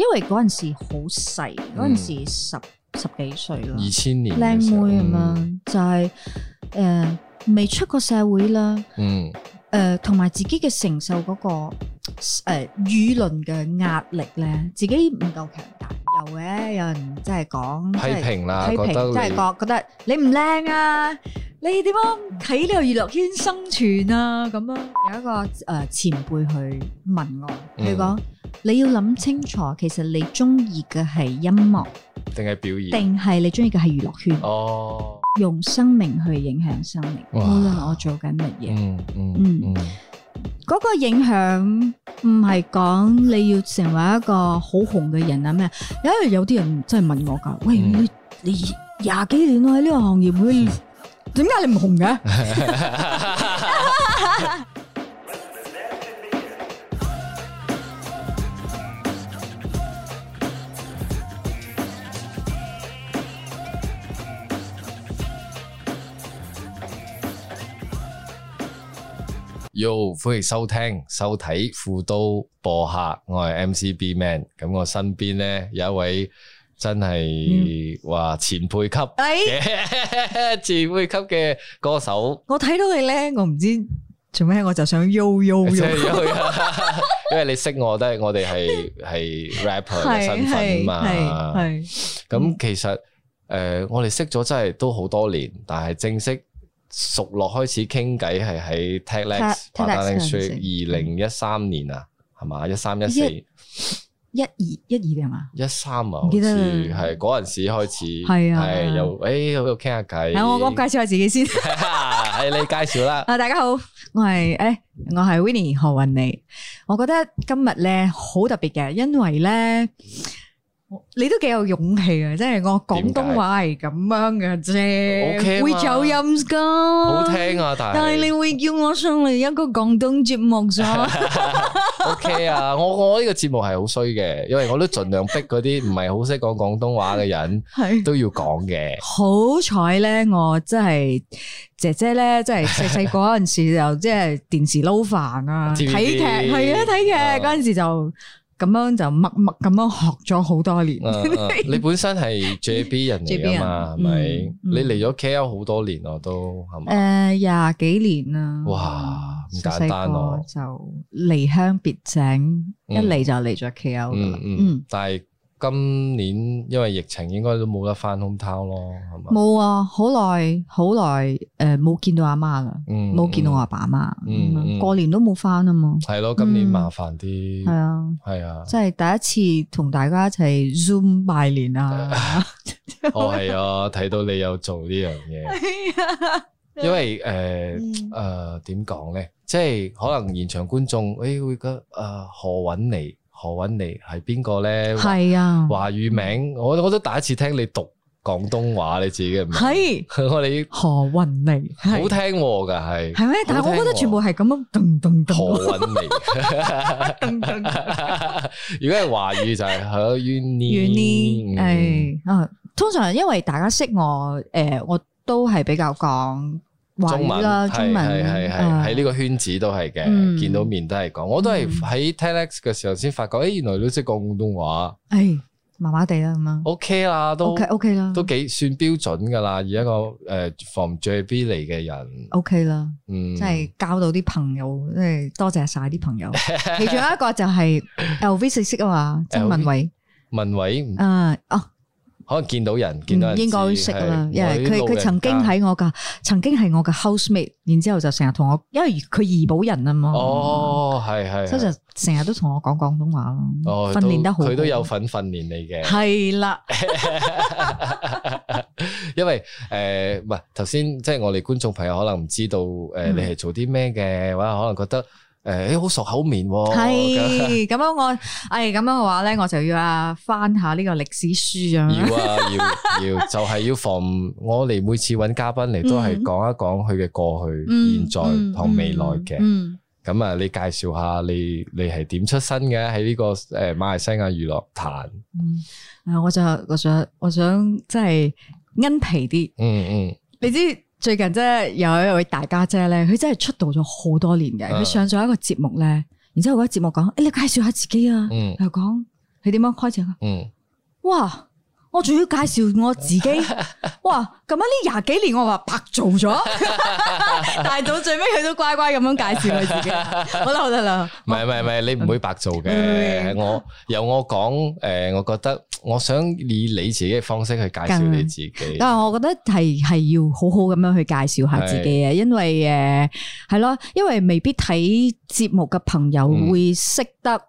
因為嗰陣時好細，嗰陣、嗯、時十十幾歲二千年靚、嗯、妹咁樣就係誒未出過社會啦，誒同埋自己嘅承受嗰、嗰個誒、呃、輿論嘅壓力咧，自己唔夠強大。有嘅，有人真係講批評啦評，覺得真係覺覺得你唔靚啊，你點樣喺呢個娛樂圈生存啊咁啊？樣有一個誒、呃、前輩去問我，佢講、嗯、你，你要諗清楚，其實你中意嘅係音樂定係表演，定係你中意嘅係娛樂圈哦？用生命去影響生命，無論哇、嗯、我做緊乜嘢，嗯嗯嗯。嗯嗰個影響唔係講你要成為一個好紅嘅人啊咩？因為有有啲人真係問我噶，嗯、喂，你你廿幾年都喺呢個行業，點解、嗯、你唔紅嘅？Yo，歡迎收聽、收睇富都播客，我係 MCB Man，咁我身邊咧有一位真係話前輩級嘅前輩級嘅歌手。我睇到你咧，我唔知做咩，我就想 Yo Yo Yo，因為你識我都係，我哋係係 rapper 嘅身份啊嘛，係咁其實誒，我哋識咗真係都好多年，但係正式。熟落開始傾偈係喺 Telegram，但係算二零一三年啊，係嘛一三一四一二一二定係嘛一三啊，我記得啦。係嗰陣時開始係啊，係由誒，喺度傾下偈。欸、聊聊我我介紹下自己先，係你介紹啦。啊，大家好，我係誒、哎，我係 Winnie 何雲妮。我覺得今日咧好特別嘅，因為咧。你都幾有勇氣啊！即係我廣東話係咁樣嘅啫，會走音噶。好聽啊，但係但係你會叫我送嚟一個廣東節目咁 OK 啊！我我呢個節目係好衰嘅，因為我都盡量逼嗰啲唔係好識講廣東話嘅人，係都要講嘅。是好彩咧，我真係姐姐咧，真係細細嗰陣時就即係電視撈飯啊，睇劇係啊，睇劇嗰陣時就。咁樣就默默咁樣學咗好多年。啊啊、 你本身係 J B 人嚟啊嘛，你嚟咗 K L 好多年我都，誒、嗯，廿幾吧、呃、年啦。哇，唔簡單咯、啊。就離鄉別井，嗯、一嚟就嚟咗 K L 噶啦。嗯，嗯，但係。今年因為疫情應該都冇得翻 home town 咯，係嘛？冇啊，好耐好耐誒，冇、呃、見到阿媽啦，冇、嗯、見到我阿爸阿媽，嗯、過年都冇翻啊嘛。係咯，今年麻煩啲。係、嗯、啊，係啊，即係第一次同大家一齊 Zoom 拜年啊！哦，係啊，睇到你有做呢樣嘢， 因為誒誒點講咧？即係可能現場觀眾誒會覺得誒何韻妮。何韻妮係邊個咧？係啊，華語名，我我都第一次聽你讀廣東話，你自己嘅名係我哋何韻妮，好聽㗎係係咩？但係我覺得全部係咁樣咚咚咚。何韻妮，咚咚。如果係華語就係何韻妮。韻妮係啊，通常因為大家識我，誒，我都係比較講。中文，係係係係喺呢個圈子都係嘅，見到面都係講，我都係喺 Telegram 嘅時候先發覺，誒原來你都識講廣東話，誒麻麻地啦咁樣，OK 啦，都 OK OK 啦，都幾算標準㗎啦，以一個誒 From JB 嚟嘅人，OK 啦，嗯，即係交到啲朋友，即係多謝曬啲朋友。其中一個就係 LVCC 啊嘛，曾文偉，文偉，嗯啊。可能見到人，見到人。應該識啦，因為佢佢曾經喺我㗎，曾經係我嘅 housemate，然之後就成日同我，因為佢怡保人啊嘛。哦，係係。所以就成日都同我講廣東話咯。訓練得好，佢都有份訓練你嘅。係啦。因為誒，唔係頭先，即係我哋觀眾朋友可能唔知道，誒，你係做啲咩嘅，或者可能覺得。誒、欸，好熟口面喎、喔，係咁是樣我，誒，咁樣嘅話咧，我就要啊翻下呢個歷史書咁要啊，要 要，就係、是、要防我哋每次揾嘉賓嚟，都係講一講佢嘅過去、嗯、現在同未來嘅。咁、嗯嗯嗯、啊，你介紹下你，你係點出身嘅？喺呢個誒馬來西亞娛樂壇，啊、嗯，我就，我，就我，就我就想我想即係恩皮啲、嗯，嗯嗯，你知。最近即係有一位大家姐咧，佢真係出道咗好多年嘅，佢、嗯、上咗一個節目咧，然之後嗰個節目講、哎，你介紹下自己啊，又講、嗯、你點樣開始嘅，嗯、哇！我仲要介紹我自己， 哇！咁樣呢廿幾年，我話白做咗， 大到最尾佢都乖乖咁樣介紹你自己， 好啦好得啦，唔係唔係唔係，是哦、你唔會白做嘅，嗯、我由我講，誒、呃，我覺得我想以你自己嘅方式去介紹你自己，但係我覺得係係要好好咁樣去介紹下自己嘅，是因為誒係咯，因為未必睇節目嘅朋友會識得誒。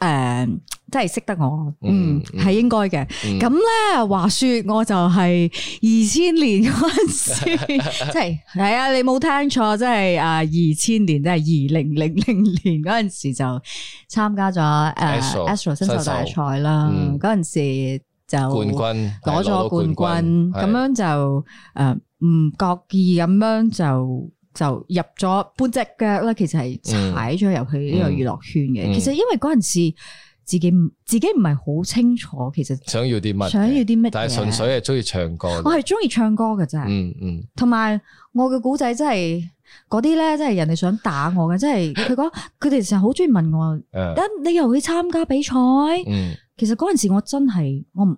呃真係識得我，嗯，係應該嘅。咁咧、嗯，話說我就係二千年嗰陣時，即係係啊，你冇聽錯，即係啊二千年，即係二零零零年嗰陣時就參加咗誒 Astro 新秀大賽啦。嗰、嗯、陣時就冠軍，攞咗冠軍，咁樣就誒唔覺意咁樣就就入咗半隻腳啦。其實係踩咗入去呢個娛樂圈嘅。其實因為嗰陣時。嗯嗯自己唔自己唔係好清楚，其實想要啲乜，想要啲乜，但係純粹係中意唱歌。我係中意唱歌嘅啫、嗯，嗯嗯。同埋我嘅古仔真係嗰啲咧，真係、就是、人哋想打我嘅，即係佢講，佢哋成日好中意問我，等、嗯、你又去參加比賽。嗯、其實嗰陣時我真係我唔。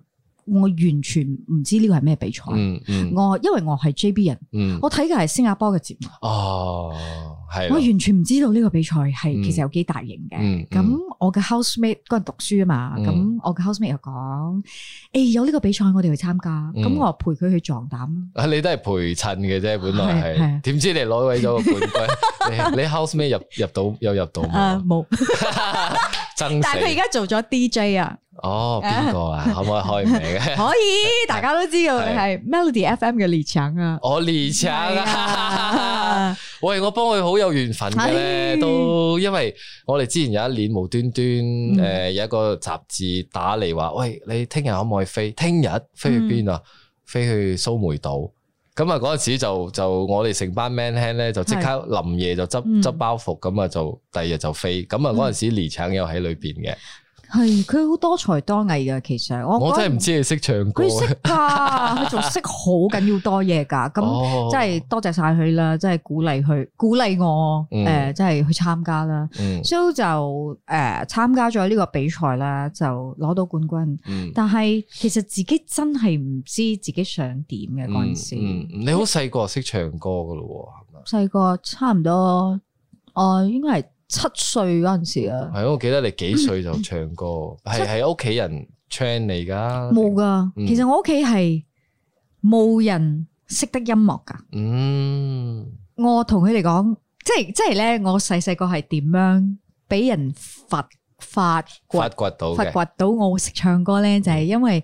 我完全唔知呢個係咩比賽，我因為我係 JB 人，我睇嘅係新加坡嘅節目。哦，係。我完全唔知道呢個比賽係其實有幾大型嘅。咁我嘅 housemate 嗰人讀書啊嘛，咁我嘅 housemate 又講：誒，有呢個比賽我哋去參加，咁我陪佢去壯膽咯。你都係陪襯嘅啫，本來係。點知你攞位咗個冠軍？你 housemate 入入到，有入到。啊，冇。但係佢而家做咗 DJ 啊？哦，邊個啊？ 可唔可以開名？ 可以，大家都知道係 是是 Melody FM 嘅李強啊。我李強啊！ 喂，我幫佢好有緣分嘅咧，是都因為我哋之前有一年無端端誒、嗯呃，有一個雜誌打嚟話：喂，你聽日可唔可以飛？聽日飛去邊啊？嗯、飛去蘇梅島。咁啊嗰陣時就就我哋成班 man hand 咧，就即刻臨夜就執執是、嗯、包袱，咁啊就第二日就飛，咁啊嗰陣時李強又喺裏邊嘅。嗯係佢好多才多藝噶，其實我我真係唔知你識唱歌。佢識噶，佢仲識好緊要多嘢噶。咁真係多謝晒佢啦，真係鼓勵佢，鼓勵我誒、嗯呃，真係去參加啦。嗯、所以就誒參、呃、加咗呢個比賽啦，就攞到冠軍。嗯、但係其實自己真係唔知自己想點嘅嗰陣時、嗯。你好細個識唱歌噶咯喎，細個差唔多，我、呃、應該係。七歲嗰陣時啊，係啊，我記得你幾歲就唱歌，係係屋企人唱嚟 a 噶。冇噶的，嗯、其實我屋企係冇人識得音樂噶。嗯，我同佢哋講，即係即係咧，我細細個係點樣俾人發發發掘到，發掘到我會識唱歌咧，就係、是、因為。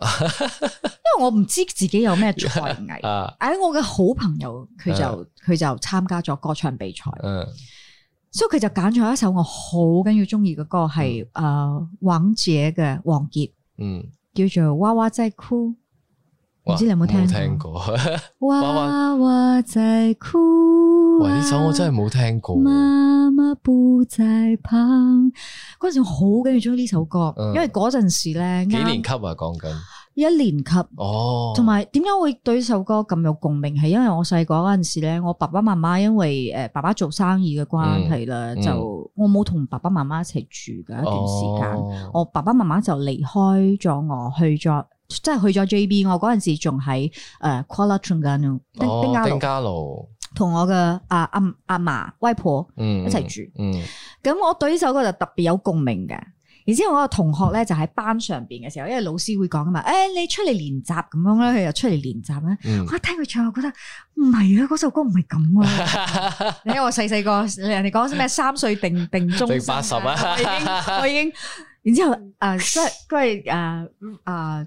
因為我唔知自己有咩才藝，誒， 啊、我嘅好朋友佢就佢就參加咗歌唱比賽，啊、所以佢就揀咗一首我好緊要中意嘅歌，係誒、呃、王者嘅王傑，嗯，叫做娃娃仔酷》。唔哇知你有冇聽過？娃娃在哭，喂 媽，呢首我真係冇聽過。媽媽不再怕，嗰陣時好中意呢首歌，嗯、因為嗰陣時咧幾年級啊？講緊一年級哦。同埋點樣會對呢首歌咁有共鳴？係因為我細個嗰陣時咧，我爸爸媽媽因為誒爸爸做生意嘅關係啦，嗯嗯、就我冇同爸爸媽媽一齊住嘅一段時間，哦、我爸爸媽媽就離開咗我去咗。即係去咗 JB，我嗰陣時仲喺誒 Collaton 噶，丁丁家路，同我嘅阿阿阿嫲、外婆一齊住。咁我對呢首歌就特別有共鳴嘅。然之後我個同學咧就喺班上邊嘅時候，因為老師會講啊嘛，誒你出嚟練習咁樣咧，佢又出嚟練習咧。我一聽佢唱，我覺得唔係啊，嗰首歌唔係咁啊。因為我細細個，人哋講啲咩三歲定定終八十啊，我已經，我已經。然之後誒，即係誒誒。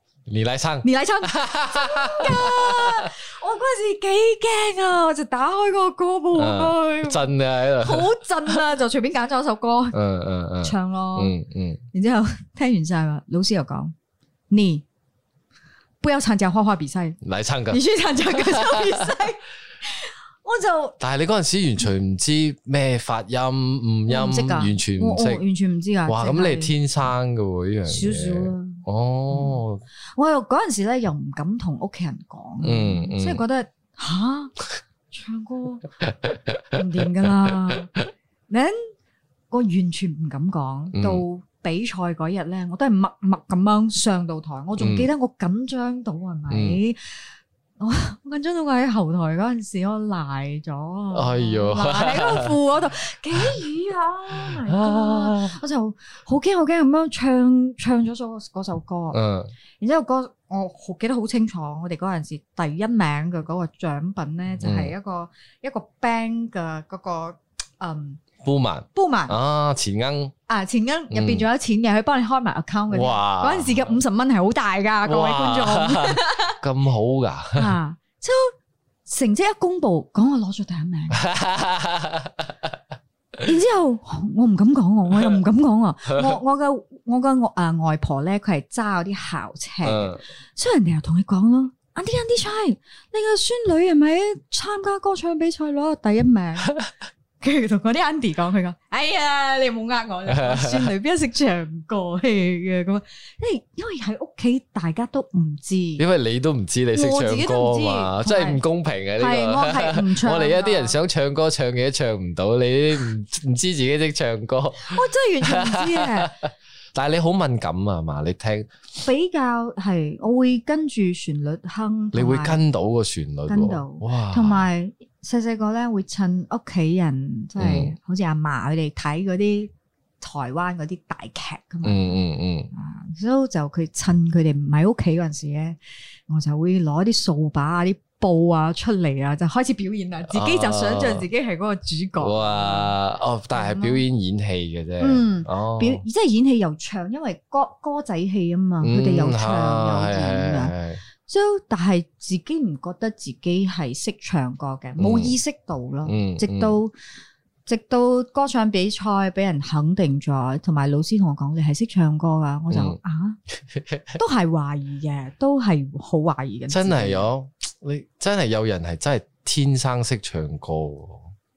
你來唱，你來唱，噶！我嗰陣時幾驚啊，就打開個歌簿去，震啊，好震啊，就隨便揀咗首歌，嗯嗯，唱咯，嗯嗯。然之後聽完晒啦，老師又講：你不要參加花花比賽，嚟參加，你去參加歌唱比賽。我就，但係你嗰陣時完全唔知咩發音、唔音，完全唔識，完全唔知噶。哇，咁你係天生噶喎？呢樣少少哦，oh. 我又嗰陣時咧又唔敢同屋企人講，mm hmm. 即係覺得吓唱歌唔掂噶啦， Then, 我完全唔敢講。到比賽嗰日咧，我都係默默咁樣上到台，我仲記得我緊張到，係咪？我緊張到我喺後台嗰陣時，我賴咗，賴喺個褲嗰度，幾淤啊！我就好驚好驚咁樣唱唱咗首首歌，嗯，然之後嗰我好記得好清楚，我哋嗰陣時第一名嘅嗰個獎品咧，就係一個一個 bank 嘅嗰個嗯撲滿，撲滿啊，錢罌啊錢罌入邊仲有錢嘅，可以幫你開埋 account 嘅，嗰陣時嘅五十蚊係好大㗎，各位觀眾。咁好噶，即 係、啊、成績一公布，講我攞咗第一名。 然之後我唔敢講我，我，又唔敢講啊！我我嘅我嘅外啊外婆咧，佢係揸嗰啲校車， 所以人哋又同佢講咯，阿爹阿爹，你個孫女係咪參加歌唱比賽攞咗第一名？ 跟住同我啲 Andy 講，佢講：哎呀，你冇呃我，算嚟邊識唱歌嘅咁。因為因為喺屋企大家都唔知，因為你都唔知你識唱歌自己都唔知嘛，且真係唔公平嘅呢且、呢個。我係唔唱 我哋一啲人想唱歌唱嘢都唱唔到，你唔唔知自己識唱歌。 我真係完全唔知啊！ 但係你好敏感啊嘛，你聽比較係，我會跟住旋律哼，你會跟到個旋律，跟到，哇！同埋細細個咧會趁屋企人即係、就是、好似阿嫲佢哋睇嗰啲台灣嗰啲大劇㗎嘛、嗯，嗯嗯嗯，啊、嗯嗯所以就佢趁佢哋唔喺屋企嗰陣時咧，我就會攞啲掃把啲。報啊出嚟啊就開始表演啦，自己就想象自己係嗰個主角。哇！哦，但係表演演戲嘅啫。嗯，表即係演戲又唱，因為歌歌仔戲啊嘛，佢哋又唱又演嘅。所以但係自己唔覺得自己係識唱歌嘅，冇意識到咯。直到直到歌唱比賽俾人肯定咗，同埋老師同我講你係識唱歌㗎，我就啊都係懷疑嘅，都係好懷疑嘅。真係有。你真係有人係真係天生識唱歌，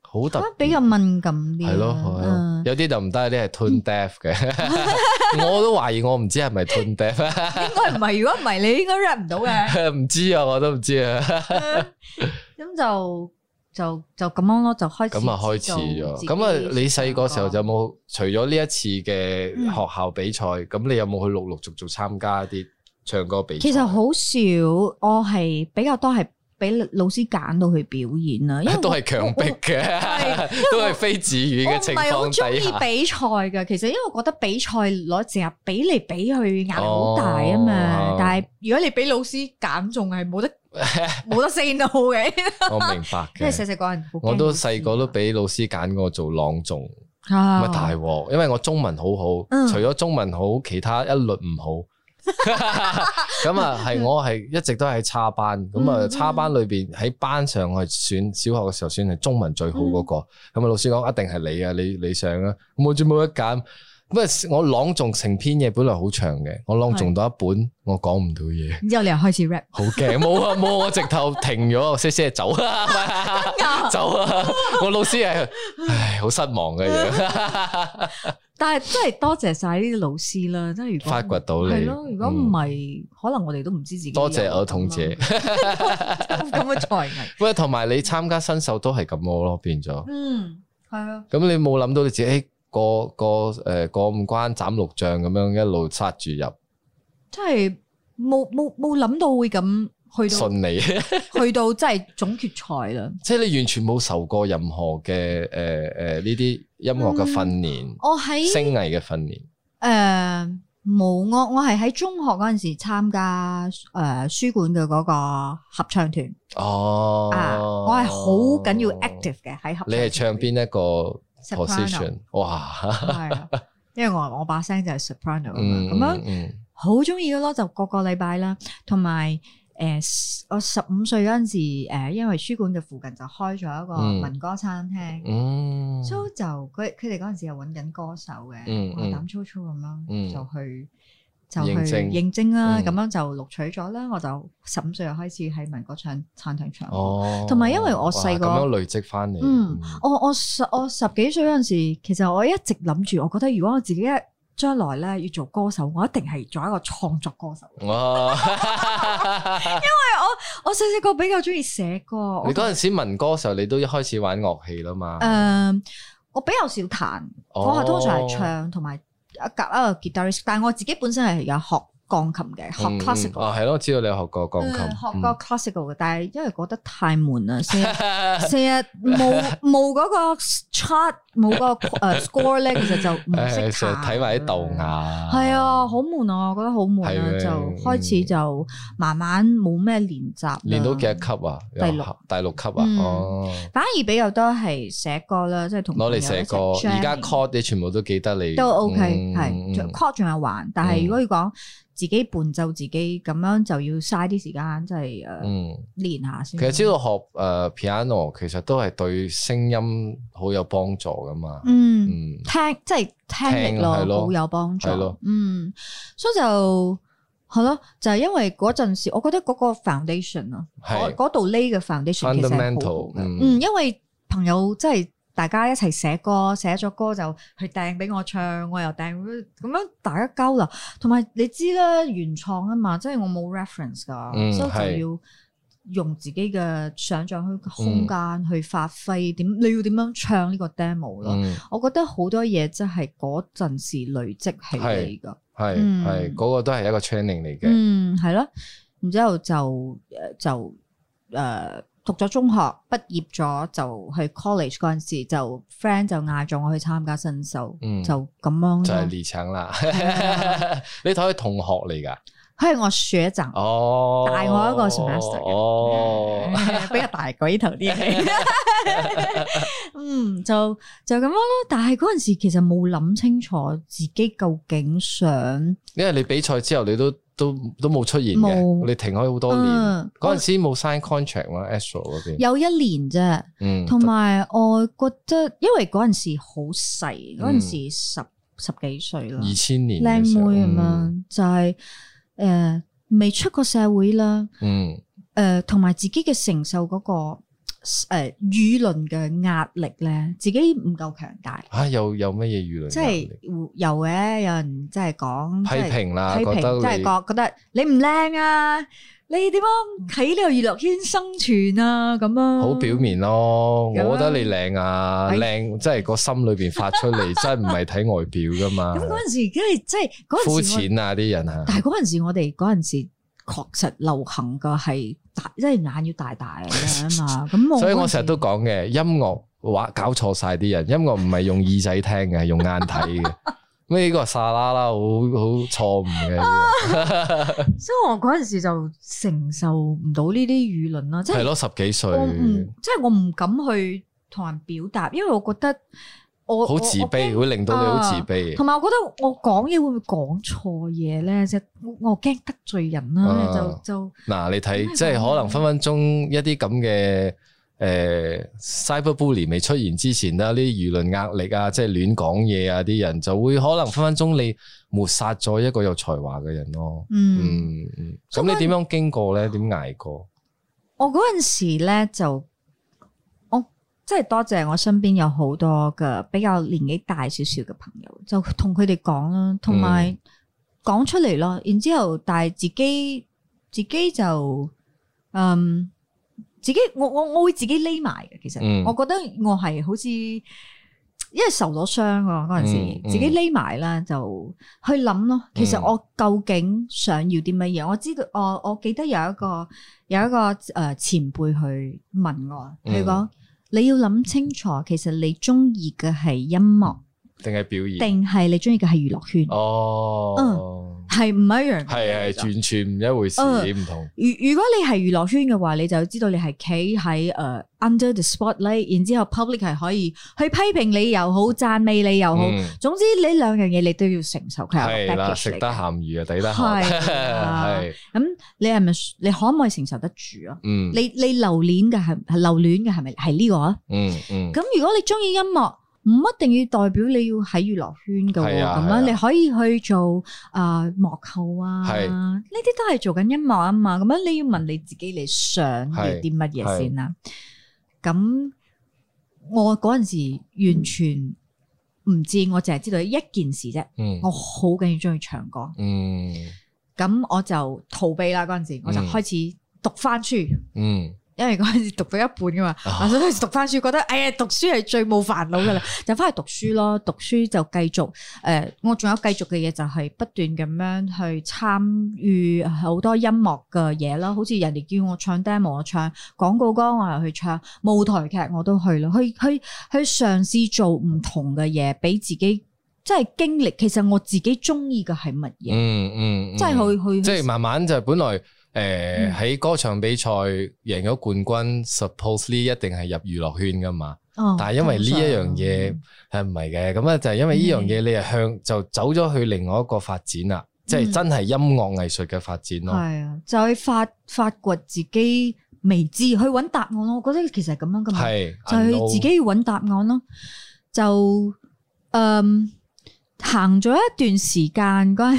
好特別。比較敏感啲，係咯，嗯、有啲就唔得，啲係 tone deaf 嘅。我都懷疑我唔知係咪 tone deaf。應該唔係，如果唔係，你應該 rap 唔到嘅。唔知啊，我都唔知啊。咁就就就咁樣咯，就開始咁啊，開始咗。咁啊，你細個時候有冇除咗呢一次嘅學校比賽，咁、嗯、你有冇去陸陸續續參加一啲？唱歌比賽其實好少，我係比較多係俾老師揀到去表演啦，因為都係強迫嘅，都係非自願嘅情況底下。我唔係好中意比賽嘅，其實因為我覺得比賽攞成日比嚟比去壓力好大啊嘛。但係如果你俾老師揀，仲係冇得冇得 say no 嘅。我明白嘅。因為細細個人，我都細個都俾老師揀過做朗誦啊，咁啊大鑊，因為我中文好好，除咗中文好，其他一律唔好。咁 啊，係我係一直都係差班，咁啊差班裏邊喺班上我係選小學嘅時候選係中文最好嗰、那個，咁啊、mm hmm. 嗯、老師講一定係你啊，你你上啊，冇仲冇得揀，咁啊我朗誦成篇嘢本來好長嘅，我朗誦到一本我講唔到嘢，之後你又開始 rap，好驚，冇啊冇，我直頭停咗，師師走，啊， 走啊，我老師係唉好失望嘅樣。 係真係多謝晒啲老師啦，真係如果發掘到你係咯，如果唔係，可能我哋都唔知自己多謝耳筒姐咁嘅才藝。不過同埋你參加新手都係咁咯，變咗。嗯，係啊。咁你冇諗到你自己過過誒過五關斬六將咁樣一路塞住入，真係冇冇冇諗到會咁。去到順利，去到即係 總決賽啦！即係你完全冇受過任何嘅誒誒呢啲音樂嘅訓練，我喺聲藝嘅訓練誒冇我我係喺中學嗰陣時參加誒、呃、書館嘅嗰個合唱團哦噢、啊、我係好緊要 active 嘅喺合，你係唱邊一個 position 哇？ 係啊，因為我我把聲就係 soprano 啊咁樣好中意咯，就個禮個禮拜啦，同埋。誒、呃，我十五歲嗰陣時、呃，因為書館嘅附近就開咗一個民歌餐廳，嗯、所以就佢佢哋嗰陣時又揾緊歌手嘅，嗯嗯、我膽粗粗咁樣、嗯、就去就去應徵啦，咁、嗯、樣就錄取咗啦。我就十五歲又開始喺民歌唱餐廳唱，同埋、哦、因為我細個咁樣累積翻嚟。嗯，我我十我十幾歲嗰陣時，其實我一直諗住，我覺得如果我自己一將來咧，要做歌手，我一定係做一個創作歌手。哦， 因為我我細細個比較中意寫歌。你嗰陣時文歌嘅時候，你都一開始玩樂器啦嘛？誒、呃，我比較少彈，我係通常係唱同埋一格一個 guitarist，但係我自己本身係有學鋼琴嘅，嗯、學 classical、嗯。啊、哦，係咯，知道你有學過鋼琴、嗯，學過 classical 嘅，但係因為覺得太悶啦，成日冇冇嗰個 charge 冇個誒 score 咧，其實就唔識彈，睇埋啲豆芽。係啊，好悶啊，我覺得好悶啊，就開始就慢慢冇咩練習。練到幾多級啊？第六第六級啊，哦。反而比較多係寫歌啦，即係同攞嚟寫歌。而家 chord 你全部都記得你。都 OK，係。chord 仲有玩，但係如果要講自己伴奏自己咁樣，就要嘥啲時間，即係誒練下先。其實知道學誒 piano 其實都係對聲音好有幫助。咁嘛，嗯，聽即係、就是、聽力聽咯，好有幫助，對咯 嗯，所以就係咯，就係、是、因為嗰陣時，我覺得嗰個 foundation 咯是，嗰度 lay 那嘅 foundation 其實好，Fundamental，嗯，因為朋友即係、就是、大家一齊寫歌，寫咗歌就去掟俾我唱，我又掟咁樣大家交流。同埋你知啦，原創啊嘛，即、就、係、是、我冇 reference 噶，嗯、所以就要。用自己嘅想像去空間去發揮點，你要點樣唱呢個 demo 咯？Mm. 我覺得好多嘢真係嗰陣時累積起嚟嘅，係係嗰個都係一個 training 嚟嘅。嗯，係咯。然之後就誒就誒、呃、讀咗中學，畢業咗就去 college 嗰陣時，就 friend 就嗌咗我去參加新秀， 就咁樣就係李強啦。你睇佢同學嚟㗎。這些 lift mart oro 佢係我學長，大我一個 semester，比較大個一頭啲。嗯，就就咁樣咯。但係嗰陣時其實冇諗清楚自己究竟想，因為你比賽之後你都都都冇出現嘅，你停咗好多年。嗰陣時冇 sign contract 嘛，Astro 嗰邊有一年啫。嗯，同埋我覺得，因為嗰陣時好細，嗰陣時十十幾歲啦，二千年，靚妹咁樣就係。誒，未、呃、出過社會啦，誒、嗯呃，同埋自己嘅承受嗰、那個誒輿論嘅壓力咧，自己唔夠強大。吓、啊，有有乜嘢輿論？即係有嘅、啊，有人即係講批評啦，覺得即係覺覺得你唔靚啊。你點樣喺呢個娛樂圈生存啊？咁啊，好表面咯，樣我覺得你靚啊，靚、哎，即係個心裏邊發出嚟， 真係唔係睇外表噶嘛。咁嗰陣時，即係即係膚淺啊啲人啊。但係嗰陣時我，我哋嗰陣時確實流行嘅係大，即係眼要大大啊嘛。咁 所以我成日都講嘅，音樂話搞錯晒啲人，音樂唔係用耳仔聽嘅，係用眼睇嘅。呢個係沙啦啦，好好錯誤嘅。啊、 所以我嗰陣時就承受唔到呢啲輿論啦，即係係咯十幾歲，即係我唔、就係、敢去同人表達，因為我覺得我好自卑，怕會令到你好自卑。同埋、啊、我覺得我講嘢會唔會講錯嘢咧？即、就、係、係、我驚得罪人啦、啊啊，就就嗱，你睇即係可能分分鐘一啲咁嘅。誒、欸、Cyberbully 未出現之前咧，啲輿論壓力啊，即係亂講嘢啊，啲人就會可能分分鐘你抹殺咗一個有才華嘅人咯。嗯，咁、嗯嗯、你點樣經過咧？點捱、嗯、過？我嗰陣時咧就，我即係多謝我身邊有好多嘅比較年紀大少少嘅朋友，就同佢哋講啦，同埋講出嚟咯。然之後，但係自己自己就嗯。自己，我我我會自己匿埋嘅。其實、嗯、我覺得我係好似因為受咗傷嗰陣時，嗯嗯、自己匿埋啦，就去諗咯。嗯、其實我究竟想要啲乜嘢？我知道我我記得有一個有一個誒、呃、前輩去問我，佢講、嗯、你要諗清楚，其實你中意嘅係音樂，定係表演？定係你中意嘅係娛樂圈哦，嗯，係唔一樣，係係完全唔一回事，唔同。如如果你係娛樂圈嘅話，你就知道你係企喺誒 under the spotlight，然之後 public 係可以去批評你又好，讚美你又好，總之你兩樣嘢你都要承受。係啦，食得鹹魚啊，抵得係啊。咁你係咪你可唔可以承受得住啊？你你留戀嘅係留戀嘅係咪係呢個啊？嗯。咁如果你中意音樂。唔一定要代表你要喺娛樂圈嘅，咁、啊、樣、啊、你可以去做啊、呃、幕後啊，呢啲是都係做緊音樂啊嘛。咁樣你要問你自己，你想要啲乜嘢先啦？咁我嗰陣時完全唔知，我淨係知道一件事啫。嗯、我好緊要中意唱歌，咁、嗯、我就逃避啦。嗰陣時我就開始讀翻書。嗯嗯因為嗰陣時讀咗一半噶嘛，所以、啊、讀翻書覺得，哎呀，讀書係最冇煩惱噶啦，啊、就翻去讀書咯。讀書就繼續，誒、呃，我仲有繼續嘅嘢就係不斷咁樣去參與好多音樂嘅嘢咯。好似人哋叫我唱 demo，我唱廣告歌，我又去唱舞台劇，我都去咯。去去去嘗試做唔同嘅嘢，俾自己即係經歷。其實我自己中意嘅係乜嘢？嗯嗯，即係去去，即係慢慢就係本來。誒喺、呃嗯、歌唱比賽贏咗冠軍，supposedly 一定係入娛樂圈㗎嘛。哦、但係因為呢一樣嘢係唔係嘅，咁咧、嗯、就係、是、因為呢樣嘢你係向就走咗去另外一個發展啦，即係、嗯、真係音樂藝術嘅發展咯。係啊，就去發發掘自己未知，去揾答案咯。我覺得其實係咁樣㗎嘛，就係自己要揾答案咯，咯。就嗯。就嗯行咗一段時間嗰陣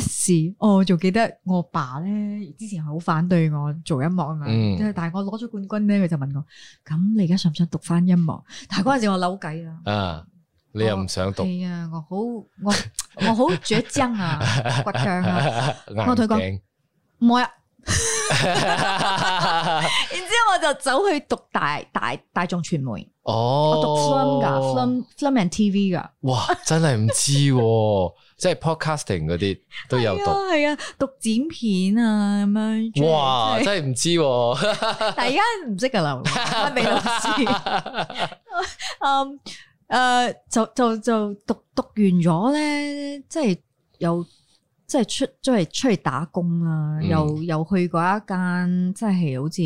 時，我仲記得我爸咧，之前係好反對我做音樂啊嘛。嗯、但係我攞咗冠軍咧，佢就問我：咁你而家想唔想讀返音樂？但係嗰陣時我扭計啦。啊，你又唔想讀？我啊，我好我我好倔張啊， 骨張啊，頂我同佢講唔係啊。 然之後我就走去讀大大大眾傳媒哦，oh, 我讀 Film 噶 Film Film and TV 噶，哇，真係唔知、啊， 即係 podcasting 嗰啲都有讀，係、 哎、啊，讀剪片啊咁樣，哇、就是、真係唔知、啊， 但而家唔識噶啦，翻、啊、俾老師，誒、 um, uh,，就就就，就讀讀完咗咧，即、就、係、是、有。即係出即係出嚟打工啦，又又去過一間、嗯、即係好似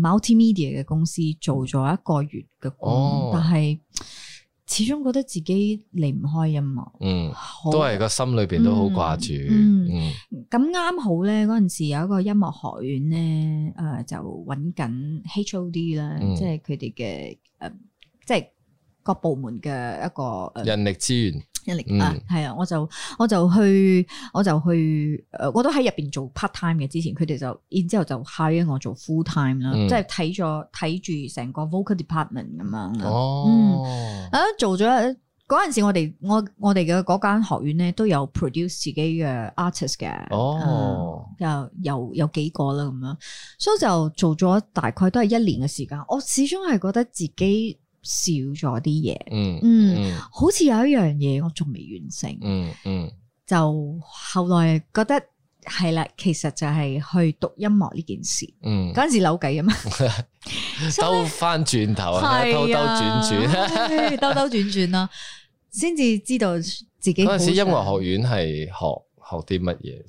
Multimedia 嘅公司做咗一個月嘅工，哦、但係始終覺得自己離唔開音樂，嗯，都係個心裏邊都好掛住。嗯，咁啱好咧，嗰陣時有一個音樂學院咧，誒、呃、就搵緊 HOD 啦，即係佢哋嘅誒，即係各部門嘅一個誒、呃、人力資源。一、嗯、啊，係啊，我就我就去，我就去，誒、呃，我都喺入邊做 part time 嘅。之前佢哋就，然之後就 hire 我做 full time 啦、嗯，即係睇咗睇住成個 vocal department 咁樣。哦、嗯，啊，做咗嗰陣時我，我哋我我哋嘅嗰間學院咧都有 produce 自己嘅 artist 嘅。哦、啊，有有有幾個啦咁樣，所以就做咗大概都係一年嘅時間。我始終係覺得自己，少咗啲嘢，嗯，好似有一樣嘢我仲未完成，嗯嗯，就後來覺得係啦，其實就係去讀音樂呢件事，嗯，嗰陣時扭計啊嘛，兜翻轉頭，兜兜轉轉，兜兜轉轉啦，先至知道自己嗰陣時音樂學院係學學啲乜嘢，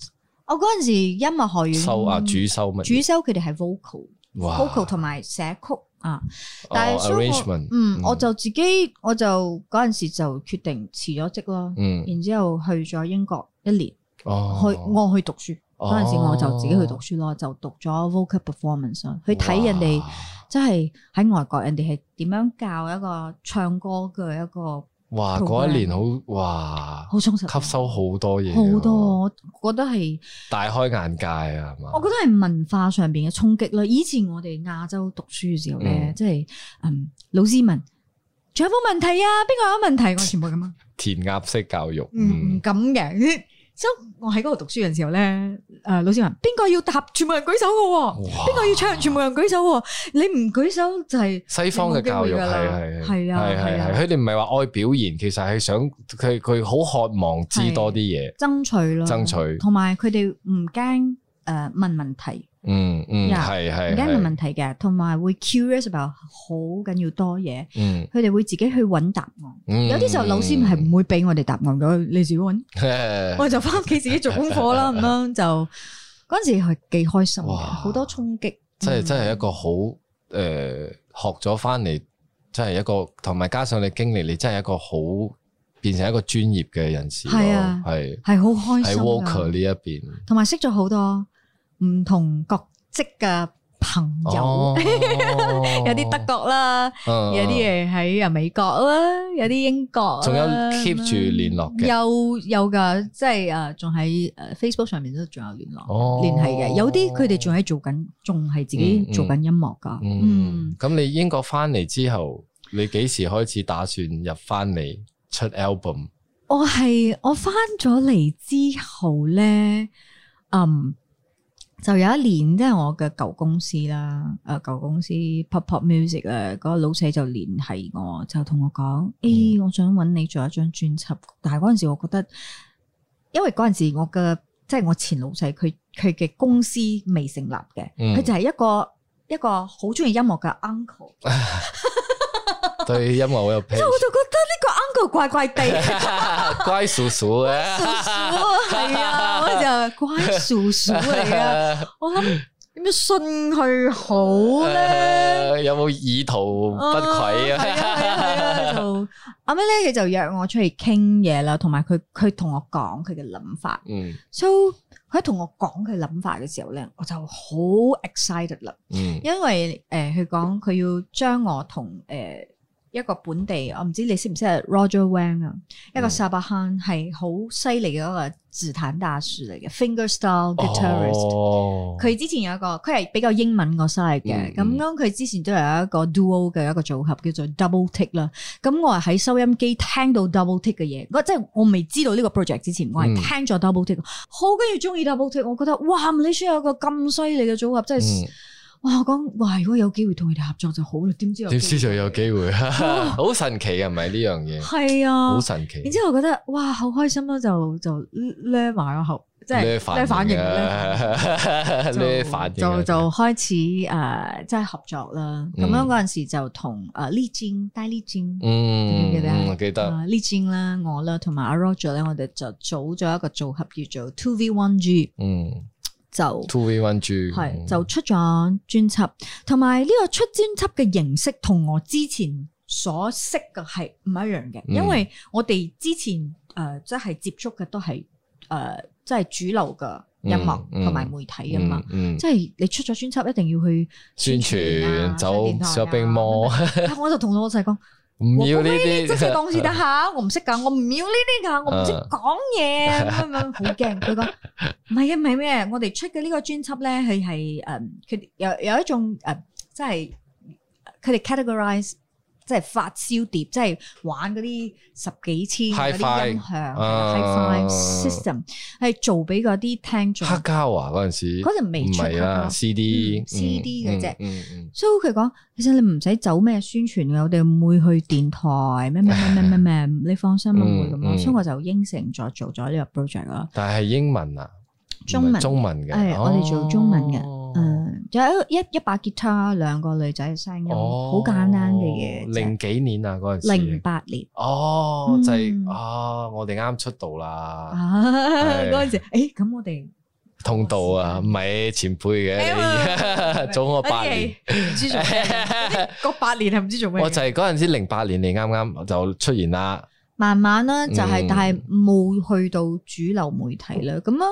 我嗰陣時音樂學院修啊主修咩，主修佢哋係 vocal，vocal 同埋寫曲。啊！但係，所以我，哦、嗯，我就自己，我就陣時就決定辭咗職咯。嗯，然之後去咗英國一年，哦，去我去讀書嗰陣、哦、時我就自己去讀書咯，就讀咗 vocal performance，去睇人哋，即係喺外國，人哋係點樣教一個唱歌嘅一個。哇！嗰一年好哇，吸收好多嘢、啊，好多，我覺得係大開眼界啊，係嘛？我覺得係文化上邊嘅衝擊咯。以前我哋亞洲讀書嘅時候咧，嗯、即係嗯，老師問，仲有冇問題啊？邊個有問題、啊？我全部咁啊， 填鴨式教育，唔咁嘅。 咁我喺嗰度讀書嘅時候咧，誒、呃、老師問，邊個要答，全部人舉手嘅、啊；邊個哇要唱，全部人舉手、啊。你唔舉手就係西方嘅教育，係係係係係係，佢哋唔係話愛表現，其實係想佢佢好渴望知多啲嘢、啊，爭取啦，爭取。同埋佢哋唔驚誒問問題。嗯嗯，係係，唔係問題嘅，同埋會 curious about 好緊要多嘢，佢哋會自己去揾答案。有啲時候老師唔係唔會俾我哋答案嘅，你自己揾，我就翻屋企自己做功課啦。咁樣就嗰陣時係幾開心，好多衝擊。即係真係一個好誒學咗翻嚟，真係一個同埋加上你經歷，你真係一個好變成一個專業嘅人士。係啊，係係好開心喺 Walker 呢一邊同埋識咗好多。唔同國籍嘅朋友、哦， 有啲德國啦，嗯、有啲嘢喺誒美國啦，有啲英國，仲有 keep 住聯絡嘅、嗯，有有嘅，即係誒仲、呃、喺誒 Facebook 上面都仲有聯絡聯繫嘅，有啲佢哋仲喺做緊，仲係自己做緊音樂噶、嗯。嗯，咁你英國翻嚟之後，你幾時開始打算入翻嚟出 album？我係我翻咗嚟之後咧，嗯。嗯嗯就有一年，即、就、係、是、我嘅舊公司啦，誒、啊，舊公司 Pop Pop Music 啊，嗰個老細就聯繫我，就同我講：誒、嗯，ye, 我想揾你做一張專輯。但係嗰陣時，我覺得，因為嗰陣時我嘅即係我前老細，佢佢嘅公司未成立嘅，佢、嗯、就係一個一個好中意音樂嘅 uncle。唉 對音樂好有，我就覺得呢個 uncle 怪怪地，乖叔叔嘅，叔叔係啊，我就乖叔叔嚟啊，我諗點樣信佢好咧？有冇意圖不軌啊？係啊係啊，就阿 May 咧，佢就約我出去傾嘢啦，同埋佢佢同我講佢嘅諗法，嗯，so 佢同我講佢諗法嘅時候咧，我就好 excited 啦，嗯，因為誒佢講佢要將我同誒。一個本地，我唔知你認認識唔識係 Roger Wang 啊，一個 Sabahan 係好犀利嘅一個指彈大師嚟嘅 Fingerstyle guitarist。佢之前有一個，佢係比較英文個 side 嘅。咁樣佢之前都有一個 duo 嘅一個組合叫做 Double Take 啦。咁我係喺收音機聽到 Double Take 嘅嘢，我即係我未知道呢個 project 之前，我係聽咗 Double Take，、mm. 好跟住中意 Double Take，我覺得哇，馬來西亞有個咁犀利嘅組合，真係。Mm. 哇我講，哇！如果有機會同佢哋合作就好啦，點知又點知就有機會，會，好哇神奇啊！唔係呢樣嘢，係啊，好神奇。然之後我覺得，哇！好開心咯，就就孭埋個口，即係即係反應，孭反應就反應就，就開始誒、呃，即係合作啦。咁樣嗰陣時就同 l 誒麗晶、戴麗晶，嗯，記唔記得，嗯，記得記得麗晶啦，我啦，同埋阿 Roger 咧，我哋就組咗一個組合，叫做 Two V One G，嗯。就係就出咗專輯，同埋呢個出專輯嘅形式同我之前所識嘅係唔一樣嘅，因為我哋之前誒，即係接觸嘅都係誒，即係主流嘅音樂同埋媒體啊嘛，即係你出咗專輯一定要去宣傳，走、啊。上冰兵魔、啊，我就同老細講。我唔要呢啲，即係講事得下。我唔識㗎，我唔要呢啲噶，我唔識講嘢，咁 樣樣好驚。佢講唔係啊，唔係咩？我哋出嘅呢個專輯咧，佢係誒，佢、呃、有有一種誒，即係佢哋 categorize。即係發燒碟，即係玩嗰啲十幾千嗰啲音響，Hi-Fi system 係做俾嗰啲聽眾。黑膠啊嗰陣時，可能未出。唔係啊，CD，CD 嘅啫。所以佢講，其實你唔使走咩宣傳嘅，我哋唔會去電台咩咩咩咩咩咩，你放心唔會咁咯。嗯嗯、所以我就應承咗做咗呢個 project 啦。但係英文啊，中文中文嘅、哦，我哋做中文嘅。哦。誒，就係一一把吉他，兩個女仔嘅聲音，好簡單嘅嘢。零幾年啊，嗰陣時。零八年。哦，就係啊，我哋啱出道啦。啊，嗰陣時，誒，咁我哋同道啊，唔係前輩嘅，早我八年，唔知做咩。嗰八年係唔知做咩。我就係嗰陣時零八年，你啱啱就出現啦。慢慢啦，就係，但係冇去到主流媒體啦。咁樣，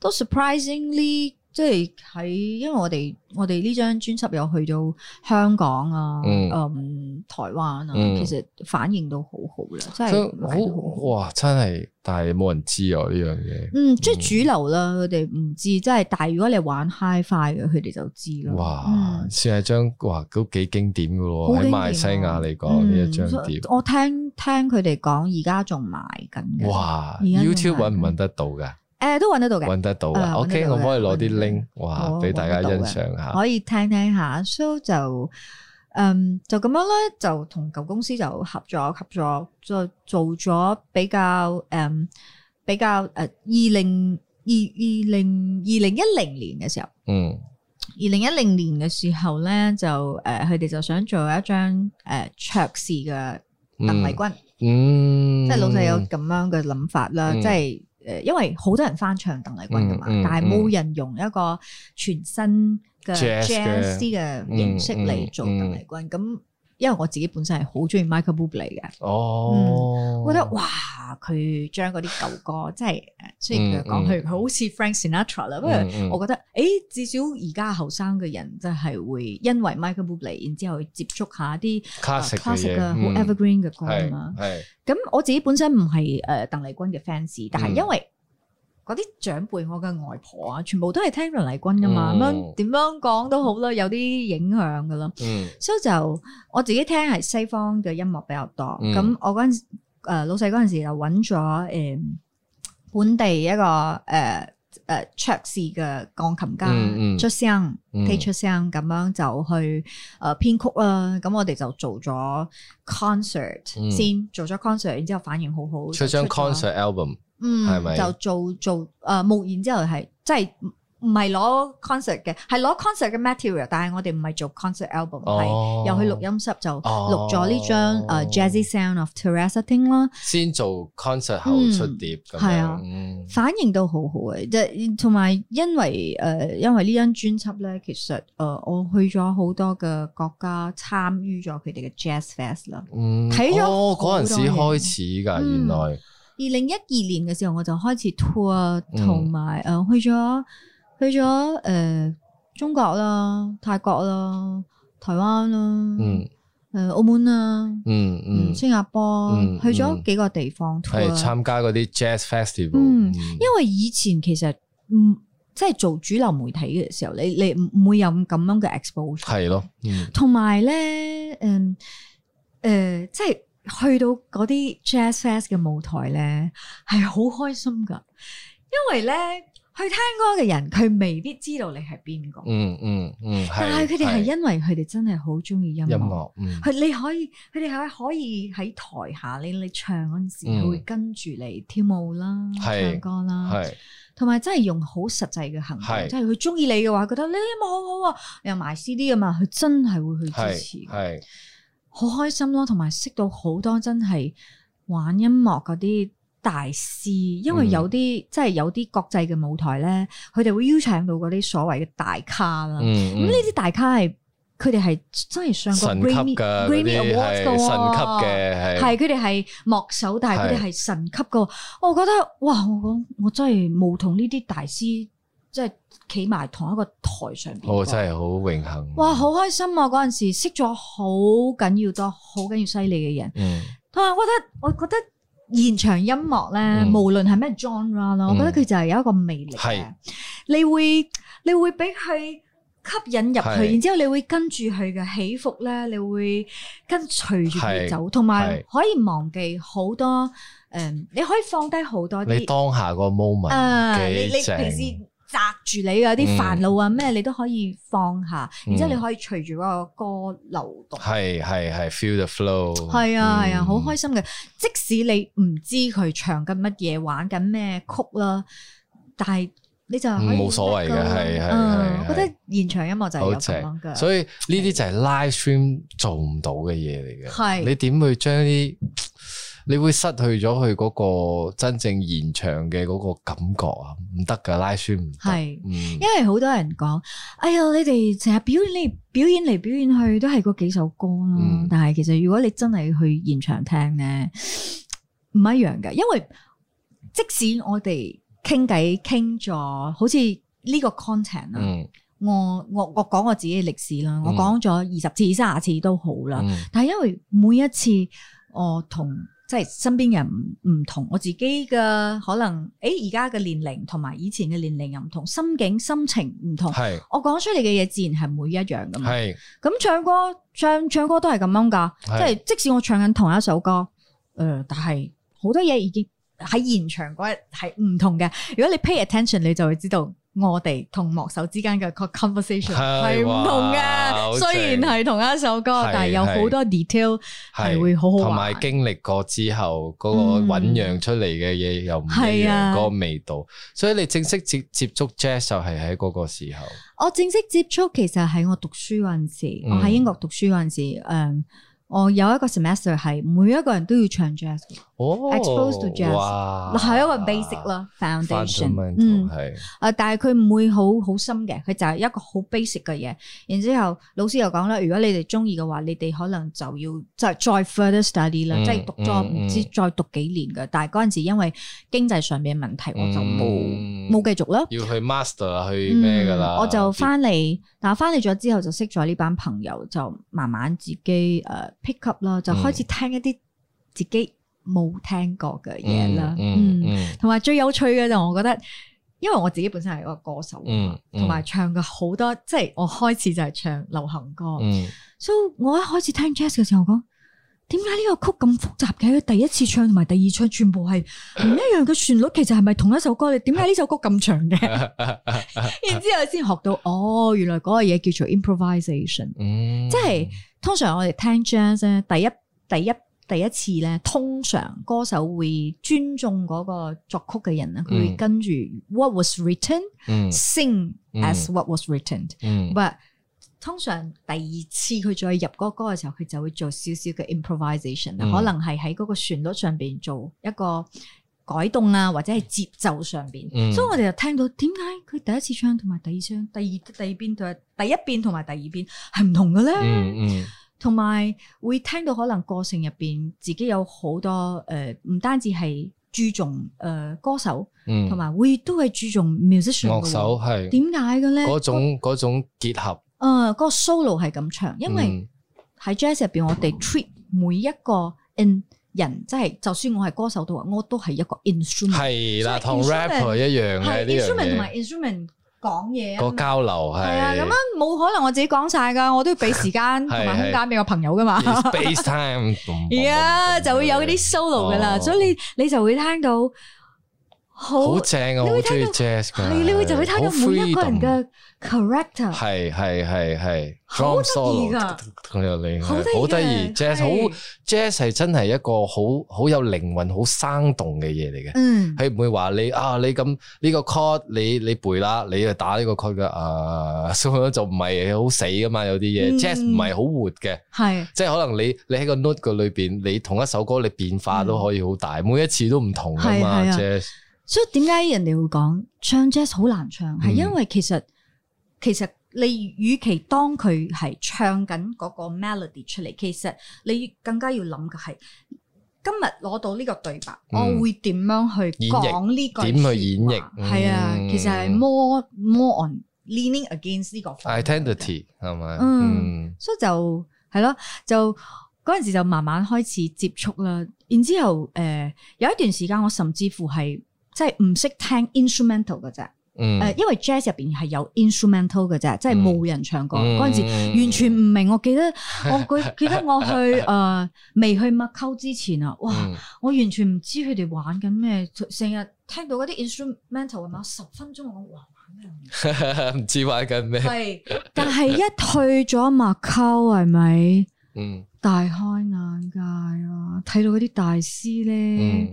都 surprisingly。即係喺，因為我哋我哋呢張專輯又去到香港啊，嗯，嗯，台灣啊，嗯、其實反應都好好嘅，即係好哇！真係，但係冇人知啊呢樣嘢。嗯，即係主流啦，佢哋唔知，即係但係如果你玩 hi-fi 嘅，佢哋就知咯。哇！嗯、算係張哇，都幾經典噶喎。喺馬來西亞嚟講呢一張碟，嗯、我聽聽佢哋講，而家仲賣緊。哇！YouTube 揾唔揾得到噶？誒，都揾得到嘅，揾得到嘅。OK，可唔可以攞啲 link，哇，俾大家欣賞下，可以聽聽下。So 就，嗯，就咁樣咧，就同舊公司就合作合作，就做咗比較，嗯，比較誒，二零二二零二零一零年嘅時候，嗯，二零一零年嘅時候咧，就誒，佢哋就想做一張誒爵士嘅鄧麗君，嗯，即係老細有咁樣嘅諗法啦，即係。誒，因為好多人翻唱鄧麗君㗎嘛，嗯嗯、但係冇人用一個全新嘅 Jazz 嘅形式嚟做鄧麗君咁。嗯嗯嗯嗯。因為我自己本身係好中意 Michael Bublé 嘅，哦，我覺得哇，佢將嗰啲舊歌，即係雖然佢講佢佢好似 Frank Sinatra 啦，不過我覺得，誒，至少而家後生嘅人真係會因為 Michael Bublé，然之後去接觸下啲 classic 嘅好 evergreen 嘅歌啊嘛，係，咁我自己本身唔係誒鄧麗君嘅 fans，但係因為。嗰啲長輩，我嘅外婆啊，全部都係聽梁麗君㗎嘛，咁樣點樣講都好啦，有啲影響㗎啦。所以就我自己聽係西方嘅音樂比較多。咁我嗰陣誒老細嗰陣時就揾咗誒本地一個誒誒爵士嘅鋼琴家出聲，推出聲咁樣就去誒編曲啦。咁我哋就做咗 concert 先，做咗 concert，然之後反應好好，出張 concert album。嗯，是是就做做誒，無、呃、言之後係，即係唔係攞 concert 嘅，係攞 concert 嘅 material，但係我哋唔係做 concert album，係、哦、又去錄音室就錄咗呢張誒 Jazzy Sound of Teresita 啦。先做 concert 後出碟，係、嗯、樣啊，嗯、反應都好好、啊、嘅，即係同埋因為誒、呃，因為呢張專輯咧，其實誒、呃，我去咗好多嘅國家參與咗佢哋嘅 jazz fest 啦、嗯，睇咗嗰陣時開始㗎，原來、嗯。二零一二年嘅時候，我就開始 tour，同埋誒去咗去咗誒、呃、中國啦、泰國啦、台灣啦、誒、嗯呃、澳門啦，嗯嗯，嗯新加坡，嗯、去咗幾個地方 tour，係參加嗰啲 jazz festival。嗯，festival，嗯嗯因為以前其實嗯即係做主流媒體嘅時候，你你唔會有咁樣嘅 exposure，係咯，同埋咧，嗯、呃、誒、呃呃呃，即係。呃去到嗰啲 Jazz Fest 嘅舞台咧，係好開心噶，因為咧去聽歌嘅人，佢未必知道你係邊個。嗯嗯嗯，但係佢哋係因為佢哋真係好中意音樂，佢你、嗯、可以佢哋係可以喺台下你你唱嗰陣時，佢會跟住你跳舞啦，嗯、唱歌啦，係的，同埋真係用好實際嘅行動，的即係佢中意你嘅話，覺得你音樂好好、啊、又買 CD 啊嘛，佢真係會去支持。好開心咯，同埋識到好多真係玩音樂嗰啲大師，因為有啲、嗯、即係有啲國際嘅舞台咧，佢哋會邀請到嗰啲所謂嘅大咖啦。咁呢啲大咖係佢哋係真係上過 Grammy Awards 嘅，係佢哋係樂手，但係佢哋係神級嘅。的我覺得哇，我我真係冇同呢啲大師。即係企埋同一個台上邊，我、哦、真係好榮幸。哇，好開心啊！嗰陣時識咗好緊要多，好緊要犀利嘅人。同埋、嗯、我覺得，我覺得現場音樂咧，嗯、無論係咩 genre 咯、嗯，我覺得佢就係有一個魅力嘅是。你會你會俾佢吸引入去，是然之後你會跟住佢嘅起伏咧，你會跟隨住佢走，同埋可以忘記好多。誒、嗯，你可以放低好多你當下個 moment。啊，你你平時，擸住你嘅啲煩惱啊咩，你都可以放下，然之後你可以隨住嗰個歌流動。係係係，Feel the flow。係啊係啊，好開心嘅。即使你唔知佢唱緊乜嘢，玩緊咩曲啦，但係你就係冇所謂嘅，係係我覺得現場音樂就係咁樣嘅，所以呢啲就係 Live stream 做唔到嘅嘢嚟嘅。係你點會將啲？你會失去咗佢嗰個真正現場嘅嗰個感覺啊，唔得噶，拉孫唔得。係，因為好多人講，嗯、哎呀，你哋成日表你表演嚟表，表演去，都係嗰幾首歌咯。嗯、但係其實如果你真係去現場聽咧，唔一樣嘅。因為即使我哋傾偈傾咗，好似呢個 content 啊、嗯，我我我講我自己嘅歷史啦，我講咗二十次、三十次都好啦。嗯、但係因為每一次我同即係身邊人唔同，我自己嘅可能，誒而家嘅年齡同埋以前嘅年齡又唔同，心境心情唔同。係是我講出嚟嘅嘢，自然係唔會一樣噶嘛。係咁是唱歌，唱唱歌都係咁樣噶。即係是即使我唱緊同一首歌，誒、呃，但係好多嘢已經喺現場嗰日係唔同嘅。如果你 pay attention，你就會知道。我哋同樂手之間嘅 conversation 係唔是同嘅，哇雖然係同一首歌，是但係有多是好多 detail 係會好好同埋經歷過之後嗰、嗯、個醞釀出嚟嘅嘢又唔一樣啊，嗰個味道。所以你正式接接觸 jazz 就係喺嗰個時候。我正式接觸其實係我讀書嗰陣時，嗯、我喺英國讀書嗰陣時，誒、um。我有一個 semester 係每一個人都要唱 jazz、oh, exposed to jazz，係哇一個 basic 啦 foundation，fundamental 嗯係。是但係佢唔會好好深嘅，佢就係一個好 basic 嘅嘢。然之後老師又講啦，如果你哋中意嘅話，你哋可能就要就再 further study 啦，即係、嗯、讀咗唔、嗯、知、嗯、再讀幾年嘅。但係嗰陣時因為經濟上面問題，我就冇冇、嗯、繼續啦。要去 master 去咩㗎啦？我就翻嚟，但係翻嚟咗之後就識咗呢班朋友，就慢慢自己誒。呃 pick up 啦、嗯，就開始聽一啲自己冇聽過嘅嘢啦。嗯，同埋、嗯、最有趣嘅就我覺得，因為我自己本身係一個歌手，嗯，同、嗯、埋唱嘅好多，即係我開始就係唱流行歌。嗯，所以我一開始聽 jazz 嘅時候我講，點解呢個曲咁複雜嘅？佢第一次唱同埋第二次，全部係唔一樣嘅旋律，其實係咪同一首歌？你點解呢首曲咁長嘅？嗯、 然之後先學到，哦，原來嗰個嘢叫做 improvisation，嗯，即係、嗯。通常我哋聽 jazz 咧，第一第一第一次咧，通常歌手會尊重嗰個作曲嘅人啊，佢會、嗯、跟住、嗯、what was written，sing、嗯、as what was written、嗯。但係通常第二次佢再入歌歌嘅時候，佢就會做少少嘅 improvisation，、嗯、可能係喺嗰個旋律上邊做一個。改動啊，或者係節奏上邊，嗯、所以我哋就聽到點解佢第一次唱同埋第二次、第二第二邊同，第一邊同埋第二邊係唔同嘅咧。同埋、嗯嗯、會聽到可能過程入邊自己有好多誒，唔、呃、單止係注重誒、呃、歌手，同埋、嗯、會都係注重 musician、哦。樂手係點解嘅咧？嗰種嗰、嗰個、結合誒，呃嗰個 solo 係咁唱，因為喺 jazz 入邊，面我哋 treat 每一個 in。人即係，就算我係歌手都啊，我都係一個 instrument，係啦，同 rapper 一樣嘅呢樣嘢。係 instrument 同埋 instrument 講嘢個交流係啊，咁樣冇可能我自己講晒噶，我都要俾時間同埋空間俾個朋友噶嘛。base time 而家就會有嗰啲 solo 噶啦，所以你你就會聽到。好正啊！我好鍾意 Jazz 㗎，你會就會聽到每一個人嘅 character，係係係係，好得意噶，同你又嚟，好得意。Jazz 好，Jazz 係真係一個好好有靈魂、好生動嘅嘢嚟嘅。嗯，佢唔會話你啊，你咁呢個 call 你你背啦，你又打呢個 call 嘅啊，咁樣就唔係好死噶嘛。有啲嘢 Jazz 唔係好活嘅，係，即係可能你你喺個 note 裏邊，你同一首歌你變化都可以好大，每一次都唔同噶嘛，Jazz。所以點解人哋會講唱 jazz 好難唱？係因為其實、嗯、其實你與其當佢係唱緊嗰個 melody 出嚟，其實你更加要諗嘅係今日攞到呢個對白，嗯、我會點樣去講呢個？點去演繹？係、嗯、啊，其實係 more more on leaning against 呢個 identity 係咪？嗯，所以就係咯、啊，就嗰陣時就慢慢開始接觸啦。然之後誒、呃，有一段時間我甚至乎係。即係唔識聽 instrumental 噶啫，誒、嗯呃，因為 jazz 入邊係有 instrumental 噶啫，即係冇人唱歌嗰陣時，完全唔明、嗯我。我記得我佢記得我去誒未、 呃、去 m a c 麥溝之前啊，哇！嗯、我完全唔知佢哋玩緊咩，成日聽到嗰啲 instrumental 啊，十分鐘我話玩咩？唔 知玩緊咩？係，但係一去咗 m a c 麥溝係咪？是是嗯，大開眼界啊！睇到嗰啲大師咧。嗯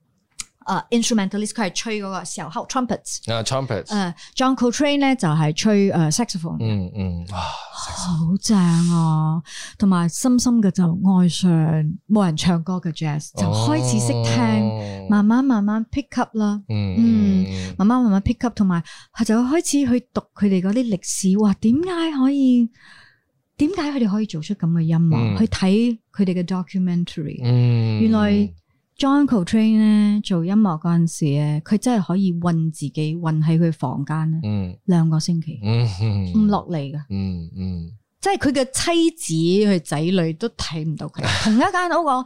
啊、uh,，instrumentalist 佢係吹嗰個小號 trumpets，啊 trumpets 誒 John Coltrane 咧就係、是、吹誒、uh, saxophone，嗯嗯唉、哦，好正啊，同埋深深嘅就愛上冇人唱歌嘅 jazz，就開始識聽，哦、慢慢慢慢 pick up 啦，嗯，嗯慢慢慢慢 pick up，同埋佢就開始去讀佢哋嗰啲歷史，哇，點解可以？點解佢哋可以做出咁嘅音樂？嗯、去睇佢哋嘅 documentary，原來。John Coltrane 咧做音樂嗰陣時咧，佢真係可以困自己困喺佢房間咧，兩個星期唔落嚟嘅。嗯嗯， 即係佢嘅妻子佢仔女都睇唔到佢。同一間屋個，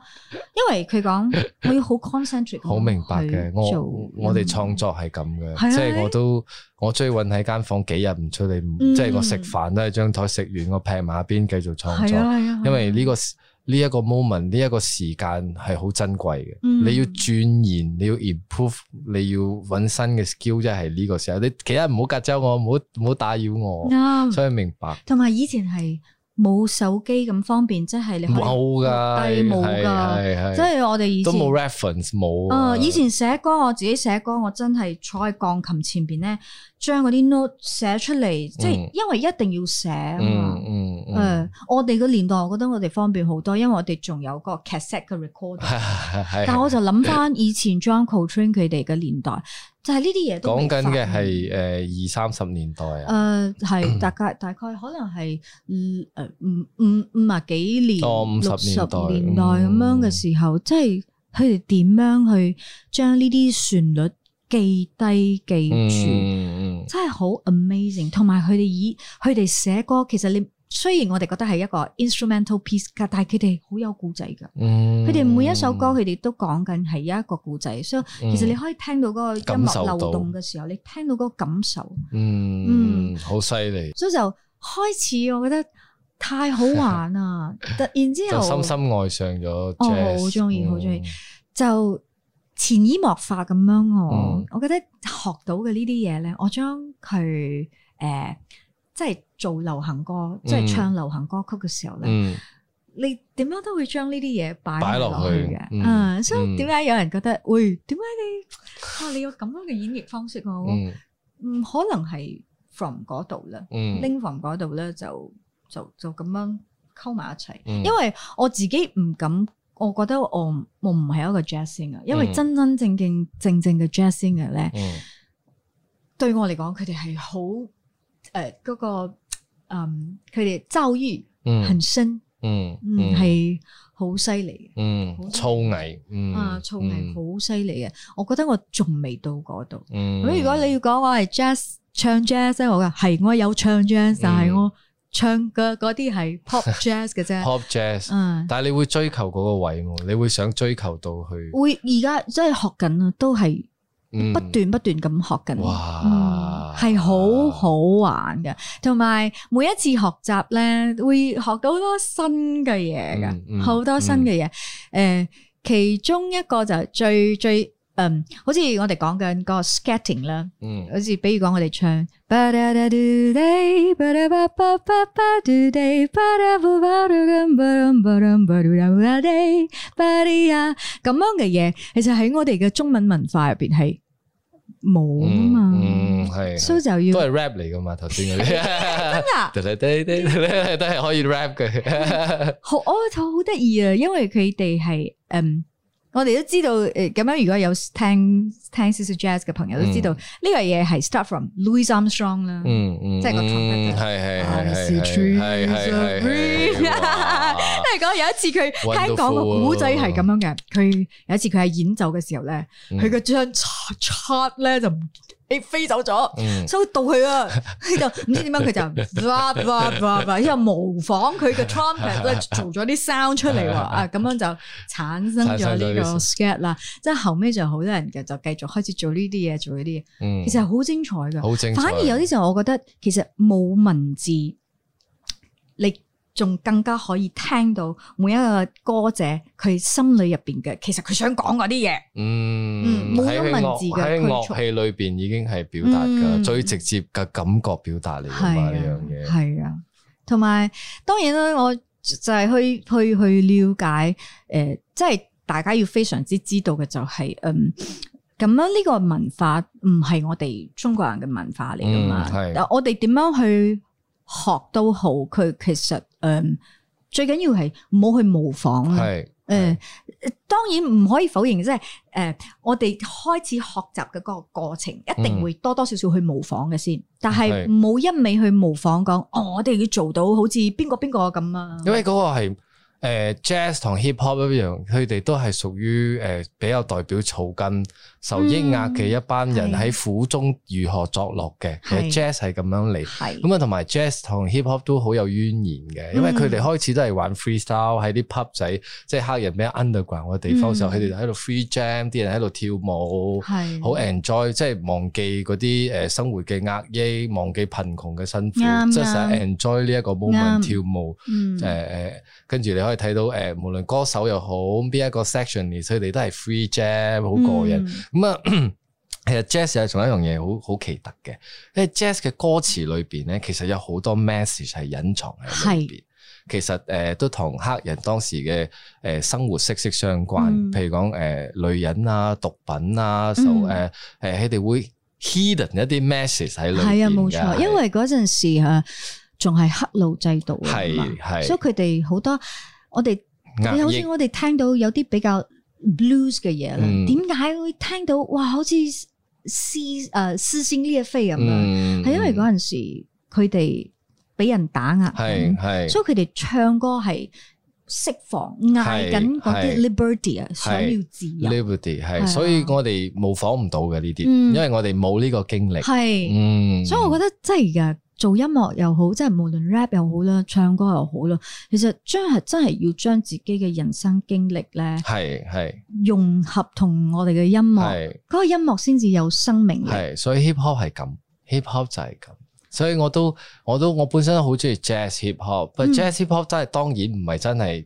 因為佢講 我要好 concentrate。好明白嘅，我、嗯、我哋創作係咁嘅，即係、啊、我都我最困喺間房間幾日唔出嚟，即係、嗯、我食飯都係張台食完我劈埋一邊繼續創作，啊啊、因為呢、這個。 呢一個 moment，呢一個時間係好珍貴嘅。嗯、你要鑽研，你要 improve，你要揾新嘅 skill，即係呢個時候。你其他唔好隔周我，唔好唔好打擾我。啱、嗯，所以明白。同埋以前係冇手機咁方便，即係你冇噶，冇噶，即係我哋以前都冇 reference 冇。誒、呃，以前寫歌，我自己寫歌，我真係坐喺鋼琴前邊咧，將嗰啲 note 寫出嚟，即係、嗯、因為一定要寫啊嘛。嗯嗯嗯誒，我哋個年代，我覺得我哋方便好多，因為我哋仲有個 cassette 嘅 recorder，e r 但係我就諗翻以前 John Coltrane 佢哋嘅年代，就係呢啲嘢。講緊嘅係誒二三十年代啊。誒、 呃，係大概大概可能係誒、呃、五五五啊幾年，哦、五十年六十年代咁樣嘅時候，即係佢哋點樣去將呢啲旋律記低記住，嗯嗯嗯、真係好 amazing。同埋佢哋以佢哋寫歌，其實你。雖然我哋覺得係一個 instrumental piece，但係佢哋好有故仔嘅。佢哋、嗯、每一首歌，佢哋都講緊係一個故仔。嗯、所以其實你可以聽到嗰個音樂漏洞嘅時候，你聽到嗰個感受。嗯，好犀利。所以就開始，我覺得太好玩啊！ 突然之後，深深愛上咗。好鍾意，好鍾意。就潛移默化咁樣我，嗯、我覺得學到嘅呢啲嘢咧，我將佢誒。呃呃即係做流行歌，即係唱流行歌曲嘅時候咧，嗯、你點樣都會將呢啲嘢擺落去嘅。嗯，所以點解有人覺得，喂，點解你啊，你有咁樣嘅演繹方式、啊？唔、嗯嗯、可能係 from 嗰度咧，拎、嗯、from 嗰度咧就就就咁樣溝埋一齊。嗯、因為我自己唔敢，我覺得我我唔係一個 jazz singer，因為真真正正正正嘅 jazz singer 咧、嗯，對我嚟講，佢哋係好。誒，嗰、呃那個誒，佢哋造詣很深，嗯，嗯係好犀利嘅，嗯，造詣、啊，嗯，造詣好犀利嘅，我覺得我仲未到嗰度，咁、嗯、如果你要講我係 jazz 唱 jazz 咧，我話係我有唱 jazz，嗯、但係我唱嘅嗰啲係 pop jazz 嘅啫 ，pop jazz，嗯，但係你會追求嗰個位，你會想追求到去，會而家真係學緊啊，都係。不斷不斷咁學緊，係好好玩嘅，同埋每一次學習咧，會學到好多新嘅嘢嘅，好多新嘅嘢。誒，其中一個就係最最，嗯，好似我哋講緊個 scatting 啦，嗯，好似比如講我哋唱，咁樣嘅嘢，其實喺我哋嘅中文文化入邊係。冇啊嘛，嗯嗯、啊所以就要都係 rap 嚟噶嘛，頭先嗰啲真噶嗎，啲啲啲都係可以 rap 嘅、 嗯，好我就 好得意啊，因為佢哋係嗯。我哋都知道，誒咁樣如果有聽聽少少 jazz 嘅朋友都知道，呢、嗯、個嘢係 start from Louis Armstrong 啦、嗯，嗯、即係個、就是嗯、transcription，聽講有一次佢聽講個古仔係咁樣嘅，佢、啊、有一次佢係演奏嘅時候咧，佢個、嗯、張 chart 咧就。你飛走咗，收、嗯、到佢啊，就唔知點樣佢 就噠噠噠噠噠，然後模仿佢嘅 trumpet 都係 做咗啲 sound 出嚟，啊咁 樣就產生咗呢個 scare 啦，即係後尾就好多人嘅就繼續開始做呢啲嘢，做呢啲嘢，其實係好精彩噶，嗯、好精彩。反而有啲時候我覺得其實冇文字，你。仲更加可以聽到每一個歌者佢心裏入邊嘅，其實佢想講嗰啲嘢。嗯，冇文字嘅，喺、嗯、樂，樂器裏邊已經係表達嘅、嗯、最直接嘅感覺表達嚟嘅嘛，呢樣嘢。係啊，同埋、啊、當然啦，我就係去去去了解，誒、呃，即係大家要非常之知道嘅就係、是，嗯、呃，咁樣呢個文化唔係我哋中國人嘅文化嚟㗎嘛。嗯、我哋點樣去學都好，佢其實。誒，最緊要係唔好去模仿啊！誒，當然唔可以否認，即係誒，我哋開始學習嘅嗰個過程，一定會多多少少去模仿嘅先，但係冇一味去模仿，講哦，我哋要做到好似邊個邊個咁啊！因為嗰個係。誒、呃、jazz 同 hip hop 一樣，佢哋都係屬於誒、呃、比較代表草根受壓嘅一班人喺苦中如何作樂嘅。其實 jazz 係咁樣嚟，咁啊同是埋 jazz 同 hip hop 都好有淵源嘅，因為佢哋開始都係玩 freestyle 喺啲 pub 仔，即係黑人比較 underground 嘅地方嘅、嗯、時候，佢哋喺度 free jam，啲人喺度跳舞，好 enjoy，即係忘記嗰啲誒生活嘅壓抑，忘記貧窮嘅辛苦，just enjoy 呢一個 moment 跳舞，誒誒、嗯呃，跟住你可以。睇到誒，無論歌手又好，邊一個 section 嚟，佢哋都係 free jazz，好過癮。咁啊，其實 jazz 係仲有一樣嘢好好奇特嘅，因為 jazz 嘅歌詞裏邊咧，其實有好多 message 係隱藏喺裏邊。其實誒，都同黑人當時嘅誒生活息息相關，譬如講誒女人啊、毒品啊，誒誒，佢哋會 hidden 一啲 message 喺裏面。係啊，冇錯，因為嗰陣時仲係黑奴制度啊嘛，所以佢哋好多。我哋你好似我哋聽到有啲比較 blues 嘅嘢咧，點解會聽到哇？好似撕，誒，撕心裂肺咁樣，係因為嗰陣時佢哋俾人打壓，係係，所以佢哋唱歌係釋放嗌緊嗰啲 liberty 啊，想要自由 liberty 係，所以我哋模仿唔到嘅呢啲，因為我哋冇呢個經歷，係嗯，所以我覺得真係噶。做音樂又好，即係無論 rap 又好啦，唱歌又好啦，其實將係真係要將自己嘅人生經歷咧，係係融合同我哋嘅音樂，嗰是個音樂先至有生命力。係所以 hip hop 係咁，hip hop 就係咁，所以我都我都我本身都好中意 jazz、嗯、hip hop，but jazz hip hop 真係當然唔係真係。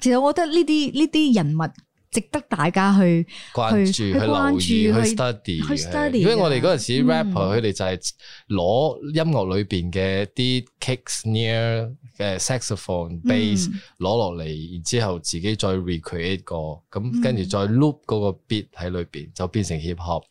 其實我覺得呢啲呢啲人物值得大家去關注、去，關注去留意、去，去 study 的。因為我哋嗰陣時 rapper，佢哋、嗯、就係攞音樂裏邊嘅啲 kicks near 嘅 saxophone bass 攞落嚟，然之後自己再 recreate 過咁，跟住再 loop 嗰個 beat 喺裏邊，嗯、就變成 hip hop，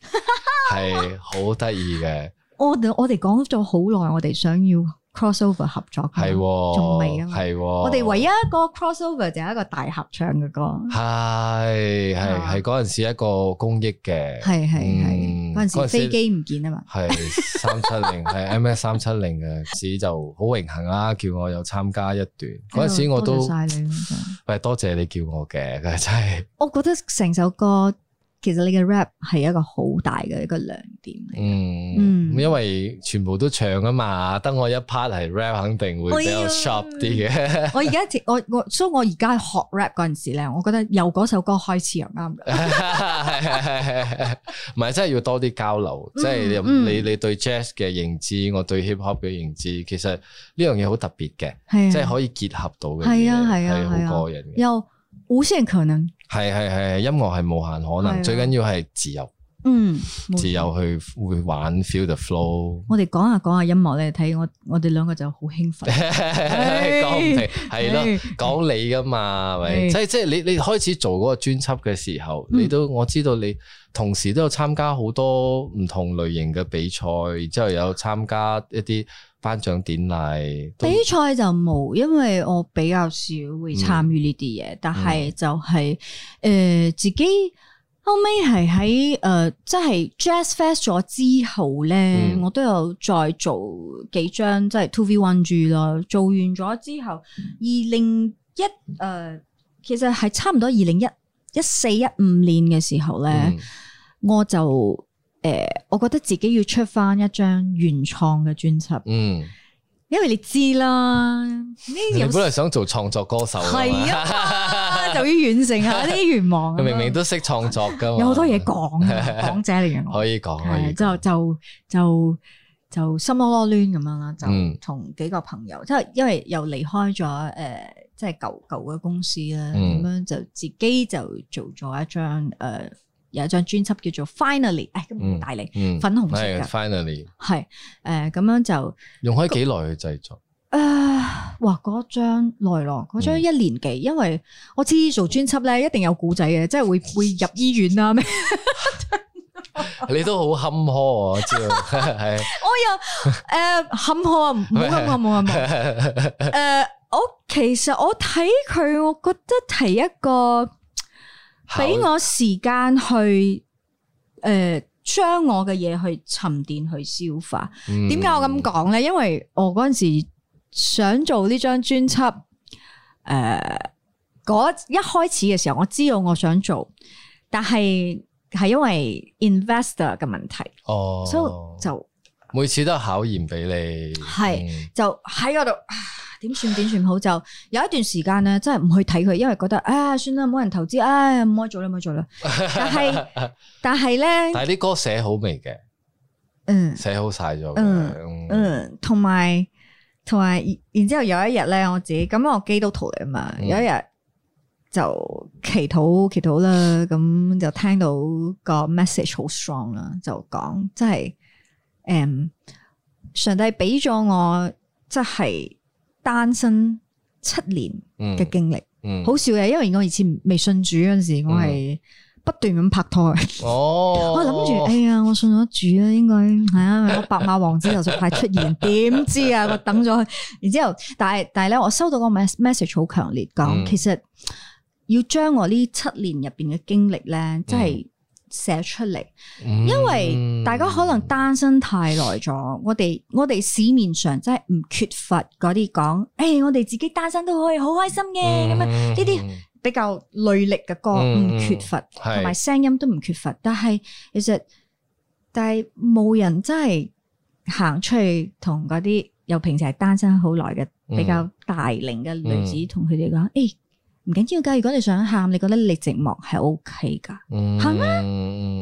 係好得意嘅。我我哋講咗好耐，我哋想要。Crossover 合作係仲未啊！係我哋唯一一個 Crossover 就係一個大合唱嘅歌，係係係嗰陣時一個公益嘅，係係係嗰陣時飛機唔見啊嘛，係三七零係 MS 三七零嘅時就好榮幸啊！叫我又參加一段嗰陣時我都曬你，唔該，唔係多謝你叫我嘅，真係我覺得成首歌。其實你嘅 rap 係一個好大嘅一個亮點嚟嘅，嗯，嗯、因為全部都唱啊嘛，得我一 part 係 rap 肯定會比較 sharp 啲嘅。我而家我我，所以我而家學 rap 嗰陣時咧，我覺得由嗰首歌開始又啱嘅。唔係，真係要多啲交流，即係、嗯、你你對 jazz 嘅認知，我對 hip hop 嘅認知，其實呢樣嘢好特別嘅，係即係可以結合到嘅，係啊係啊，係好個人嘅，有無限可能。係係係，音樂係無限可能，最緊要係自由，嗯，自由去會玩 feel the flow。我哋講下講下音樂咧，睇我我哋兩個就好興奮，講唔定係咯，講你噶嘛，咪所以即係你你開始做嗰個專輯嘅時候，你都我知道你同時都有參加好多唔同類型嘅比賽，之後有參加一啲。頒獎典禮比賽就冇，因為我比較少會參與呢啲嘢。嗯、但係就係、是、誒、嗯呃，自己後尾係喺誒，即、呃、係、就是、Jazz Fest 咗之後咧，嗯、我都有再做幾張即係 Two V One G 咯。做完咗之後，二零一誒，其實係差唔多二零一一四一五年嘅時候咧，嗯、我就。誒、呃，我覺得自己要出翻一張原創嘅專輯，嗯，因為你知啦，你本嚟想做創作歌手，係啊， 就要完成一下啲願望。佢 明明都識創作噶，有好多嘢講，講者嚟嘅，可以講，係、嗯、就就就就心囉囉攣咁樣啦，就同幾個朋友，即係、嗯、因為又離開咗誒，即係舊舊嘅公司啦，咁、嗯、樣就自己就做咗一張誒。呃有一張專輯叫做 Finally，哎咁大嚟，嗯、粉紅色嘅《Finally》係誒咁樣就用開幾耐去製作啊？哇、呃！嗰張耐咯，嗰張一年幾？因為我知做專輯咧一定有古仔嘅，即係會會入醫院啊。咩？ 你都好坎坷啊！我又誒、 呃、坎坷，唔好坎坷，冇麼坎坷。誒 呃，我其實我睇佢，我覺得係一個。俾我時間去誒，將、呃、我嘅嘢去沉澱去消化。點解、嗯、我咁講咧？因為我嗰陣時想做呢張專輯，誒、呃，嗰一開始嘅時候我知道我想做，但係係因為 investor 嘅問題，哦、所以就每次都考驗俾你。係、嗯、就喺我度。點算點算好，就有一段時間咧，真係唔去睇佢，因為覺得啊，算啦，冇人投資啊，唔該做啦，唔該做啦。但係 但係咧，但係啲歌寫好未嘅？嗯嗯，嗯，寫好晒咗嘅。嗯，同埋同埋，然之後有一日咧，我自己咁我基督徒嚟啊嘛。有一日就祈禱祈禱啦，咁就聽到個 message 好 strong 啦，就講即係，誒、嗯，上帝俾咗我即係。真單身七年嘅經歷，嗯嗯、好笑嘅，因為我以前未信主嗰陣時，嗯、我係不斷咁拍拖。哦， 我諗住，哎呀，我信咗主啦、啊，應該係啊，哎、我白馬王子就快出現，點 知啊，我等咗，佢。然之後，但係但係咧，我收到個 message 好強烈，講、嗯、其實要將我呢七年入邊嘅經歷咧，即係、嗯。寫出嚟，因為大家可能單身太耐咗、嗯，我哋我哋市面上真係唔缺乏嗰啲講，誒、欸，我哋自己單身都可以好開心嘅，咁、嗯、樣呢啲比較累力嘅歌唔缺乏，同埋聲音都唔缺乏，但係其實但係冇人真係行出去同嗰啲又平時係單身好耐嘅比較大齡嘅女子同佢哋講，誒、嗯。嗯唔緊要噶，如果你想喊，你覺得你寂寞係 OK 噶，喊啦，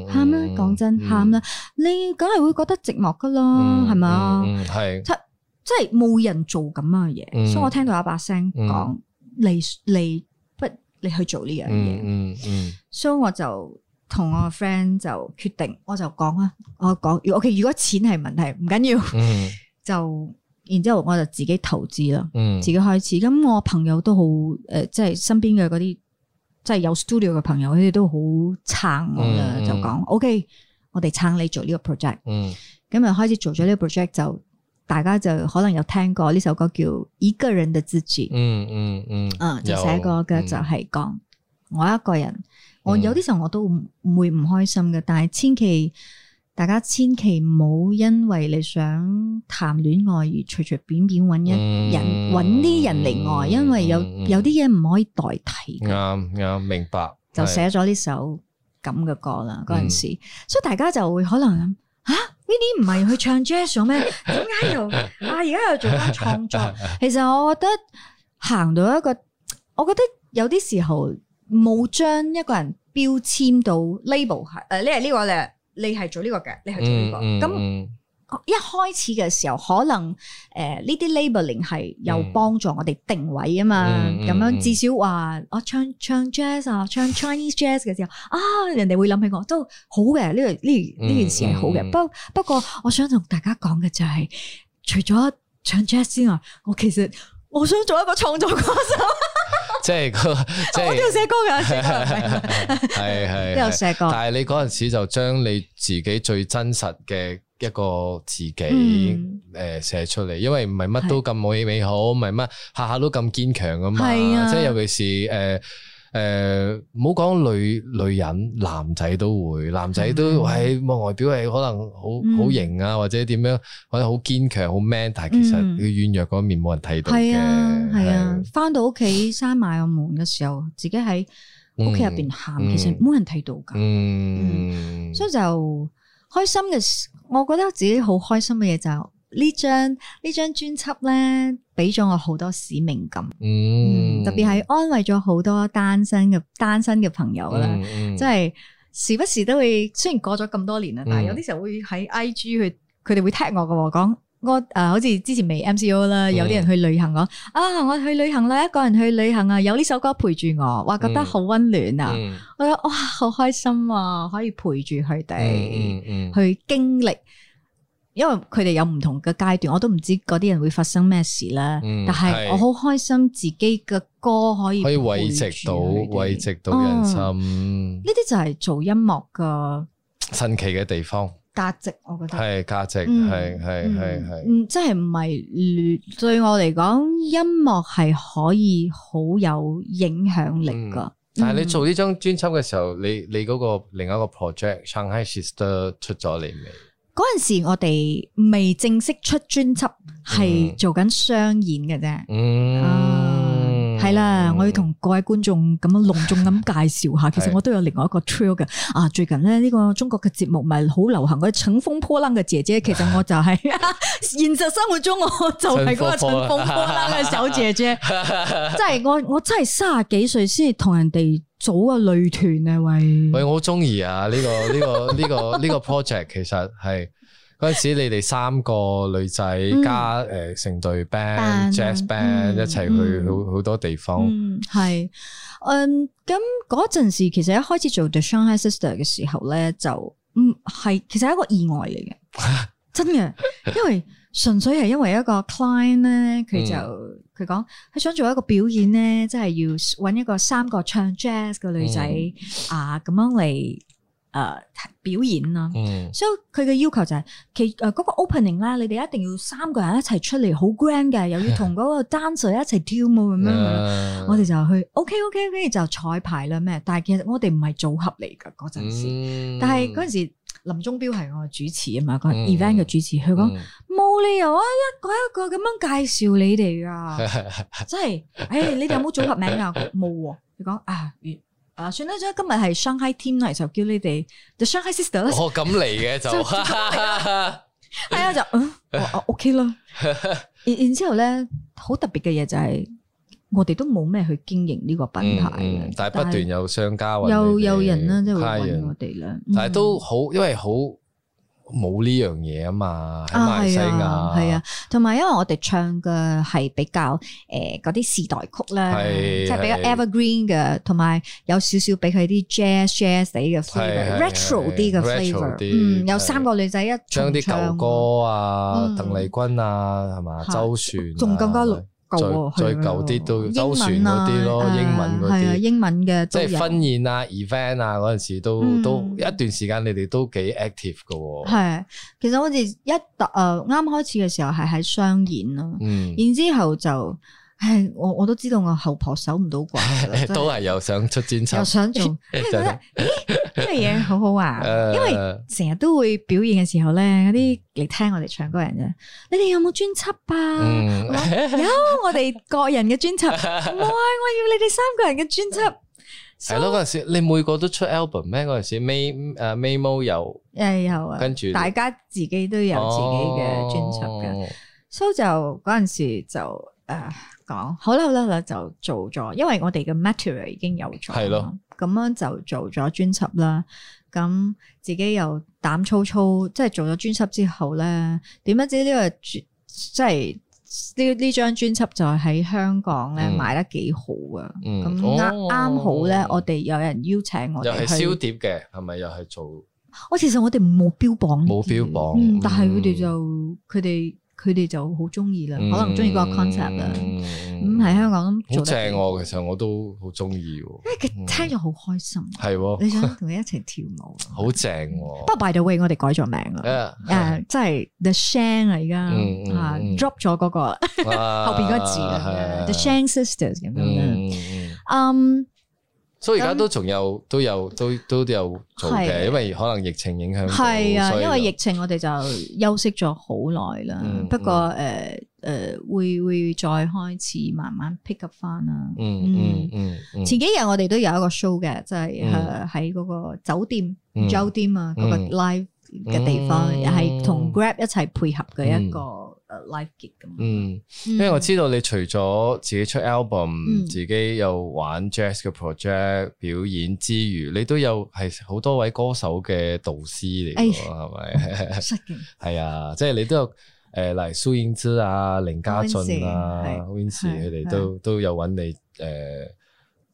喊啦，講真，喊啦，你梗係會覺得寂寞噶咯，係咪啊？係，即係冇人做咁樣嘅嘢，所以我聽到阿爸把聲講嚟嚟不你去做呢樣嘢，所以我就同我個 friend 就決定，我就講啊，我講，OK，如果錢係問題唔緊要，就。然之後我就自己投資啦，嗯、自己開始。咁我朋友都好誒，即、呃、係身邊嘅嗰啲即係有 studio 嘅朋友，佢哋都好撐我啦。嗯、就講 O K，我哋撐你做呢個 project、嗯。咁啊開始做咗呢個 project，就大家就可能有聽過呢首歌叫《一個人的自主》。嗯嗯嗯。啊、嗯嗯嗯，就寫過嘅就係講、嗯、我一個人，嗯、我有啲時候我都唔會唔開心嘅，但係千祈。大家千祈唔好因為你想談戀愛而隨隨便便揾、嗯、一人揾啲人嚟愛，因為有有啲嘢唔可以代替嘅啱啱明白，嗯嗯嗯、就寫咗呢首咁嘅歌啦。嗰陣時，是所以大家就會可能啊，Winnie 唔係去唱 jazz 咩？點解又 啊？而家又做翻創作？其實我覺得行到一個，我覺得有啲時候冇將一個人標籤到 label 係誒呢係呢個咧。這個這個你係做呢個嘅，你係做呢個。咁、嗯嗯、一開始嘅時候，可能誒呢、呃、啲 labeling 係有幫助我哋定位啊嘛。咁、嗯嗯、樣至少話我唱唱 jazz 啊，唱 Chinese jazz 嘅時候，啊人哋會諗起我都好嘅。呢、呢個呢呢、呢個嗯、件事係好嘅。嗯嗯、不不過我想同大家講嘅就係、係，除咗唱 jazz 之外，我其實我想做一個創作歌手。 即係個，即係都有寫歌噶，係係 都有寫寫歌。但係你嗰陣時就將你自己最真實嘅一個自己誒寫、嗯呃、出嚟，因為唔係乜都咁美美好，唔係乜下下都咁堅強啊嘛，啊，是的 即係尤其是誒。嗯呃誒，唔好講女女人，男仔都會，男仔都係、嗯哎、外表係可能好好型啊，嗯、或者點樣，或者好堅強，好 man，但係其實佢軟弱嗰面冇人睇到嘅，係、嗯、啊，係啊，翻、啊、到屋企閂埋個門嘅時候，嗯、自己喺屋企入邊喊，嗯、其實冇人睇到噶，所以就開心嘅，我覺得自己好開心嘅嘢就。呢張呢張專輯咧，俾咗我好多使命感，嗯，特別係安慰咗好多單身嘅單身嘅朋友啦，嗯嗯、即係時不時都會，雖然過咗咁多年啦，但係有啲時候會喺 I G 去，佢哋會 tag 我噶、哦，講我誒、呃，好似之前未 M C O 啦，有啲人去旅行，講、嗯、啊，我去旅行啦，一個人去旅行啊，有呢首歌陪住我，哇，覺得好溫暖啊，嗯嗯、我話哇、哦，好開心啊，可以陪住佢哋去經歷。因為佢哋有唔同嘅階段，我都唔知嗰啲人會發生咩事啦。但係我好開心自己嘅歌可以可以慰藉到慰藉到人心。呢啲就係做音樂嘅神奇嘅地方。價值，我覺得係價值，係係係係，嗯，即係唔係對我嚟講，音樂係可以好有影響力噶。但係你做呢張專輯嘅時候，你你嗰個另一個 project Shanghai Sister 出咗嚟未？嗰陣時，我哋未正式出專輯，係做緊商演嘅啫。嗯嗯。係啦，嗯、我要同各位觀眾咁樣隆重咁介紹下，其實我都有另外一個 trail 嘅。是啊，最近咧呢個中國嘅節目咪好流行啲「那個、乘風破浪嘅姐姐》，其實我就係、是、 現實生活中我就係個乘風破浪嘅小姐姐，即係 我我真係三十幾歲先至同人哋組個女團啊！喂喂，我好中意啊！呢、這個呢、這個呢、這個呢 個 project 其實係。嗰 時你哋三個女仔加誒、嗯呃、成隊 band 但 jazz band、嗯、一齊去好好多地方、嗯，係，嗯，咁嗰陣時其實一開始做 The Shanghai Sister 嘅時候咧，就嗯係其實係一個意外嚟嘅，真嘅，因為純粹係因為一個 client 咧，佢就佢講佢想做一個表演咧，即、就、係、是、要揾一個三個唱 jazz 嘅女仔、嗯、啊咁樣嚟。誒、uh, 表演啦、啊，所以佢嘅要求就係其誒嗰、呃那個 opening 啦，你哋一定要三個人一齊出嚟，好 grand 嘅，又要同嗰個 dancer、er、一齊跳舞咁樣。我哋就去，OK OK 跟住就彩排啦咩？但係其實我哋唔係組合嚟㗎嗰陣時、mm，但係嗰陣時林忠彪係我主持啊嘛，mm、個 event 嘅主持，佢講冇理由啊一個一個咁樣介紹你哋啊，即係誒你哋有冇組合名啊？冇喎，佢講啊。啊，算啦，咁今日係上海 team 咧，就叫你哋 the Shanghai sister 啦。哦，咁嚟嘅就係啊，就嗯，我我 OK 咯。然然之後咧，好特別嘅嘢就係，我哋都冇咩去經營呢個品牌，但係不斷有商家或者又有人啦，即係會揾我哋啦。但係都好，因為好。冇呢樣嘢啊嘛，喺馬來西亞，係啊，同埋、啊啊、因為我哋唱嘅係比較誒嗰啲時代曲啦，即係比較 evergreen 嘅，同埋有少有少俾佢啲 jazz jazz 啲嘅 flavour，retro 啲嘅 flavour，嗯，有三個女仔一齊唱啲舊歌啊，鄧麗君啊，係嘛，周旋、啊，仲更加。再再舊啲都周旋英文嗰啲咯，英文啲，英文嘅，即係婚宴啊、event 啊嗰陣時都都、嗯、一段時間，你哋都幾 active 㗎。係，其實好似一誒啱、呃、開始嘅時候係喺商演咯，嗯、然之後就。係我我都知道我後婆守唔到寡，都係又想出專輯，又想做，覺得呢個嘢好好啊。因為成日都會表演嘅時候咧，啲嚟聽我哋唱歌人呀，你哋有冇專輯啊？有我哋個人嘅專輯，唔係我要你哋三個人嘅專輯。係咯，嗰陣時你每個都出 album 咩？嗰陣時 May 誒 May 又毛有，誒跟住大家自己都有自己嘅專輯嘅，所以就嗰陣時就誒。講好啦好啦啦就做咗，因為我哋嘅 material 已經有咗，咁的樣就做咗專輯啦。咁自己又膽粗粗，即係做咗專輯之後咧，點不知呢、這個即係呢呢張專輯就係喺香港咧賣得幾好啊！咁啱啱好咧，哦、我哋有人邀請我哋，又係燒碟嘅係咪？是是又係做？我、哦、其實我哋冇標，標榜，冇標榜，嗯、但係佢哋就佢哋。佢哋就好中意啦，可能中意嗰個 concept 啦。咁喺香港咁做得正喎，其實我都好中意喎。因為佢聽咗好開心，係喎，你想同佢一齊跳舞，好正喎。不過 by the way，我哋改咗名啦，誒，即係 The Shang 啊，而家 drop 咗嗰個後邊個字啊，The Shang Sisters 咁樣啦。嗯。所以而家都仲有，都有，都有都有做嘅，的因為可能疫情影響，係啊的，因為疫情我哋就休息咗好耐啦。嗯、不過誒誒、嗯呃呃、會會再開始慢慢 pick up 翻啦。嗯嗯嗯。嗯嗯前幾日我哋都有一個 show 嘅，就係誒喺個酒店，嗯、酒店啊，嗰個 live 嘅地方又係同 Grab 一齊配合嘅一個。live 咁，嗯，因為我知道你除咗自己出 album，、嗯、自己有玩 jazz 嘅 project 表演之餘，你都有係好多位歌手嘅導師嚟，係咪、哎？係啊吧，即係、嗯 就是、你都有，誒、呃，例如蘇永康啊、凌家俊啊、Winch 佢哋都的都有揾你，誒、呃。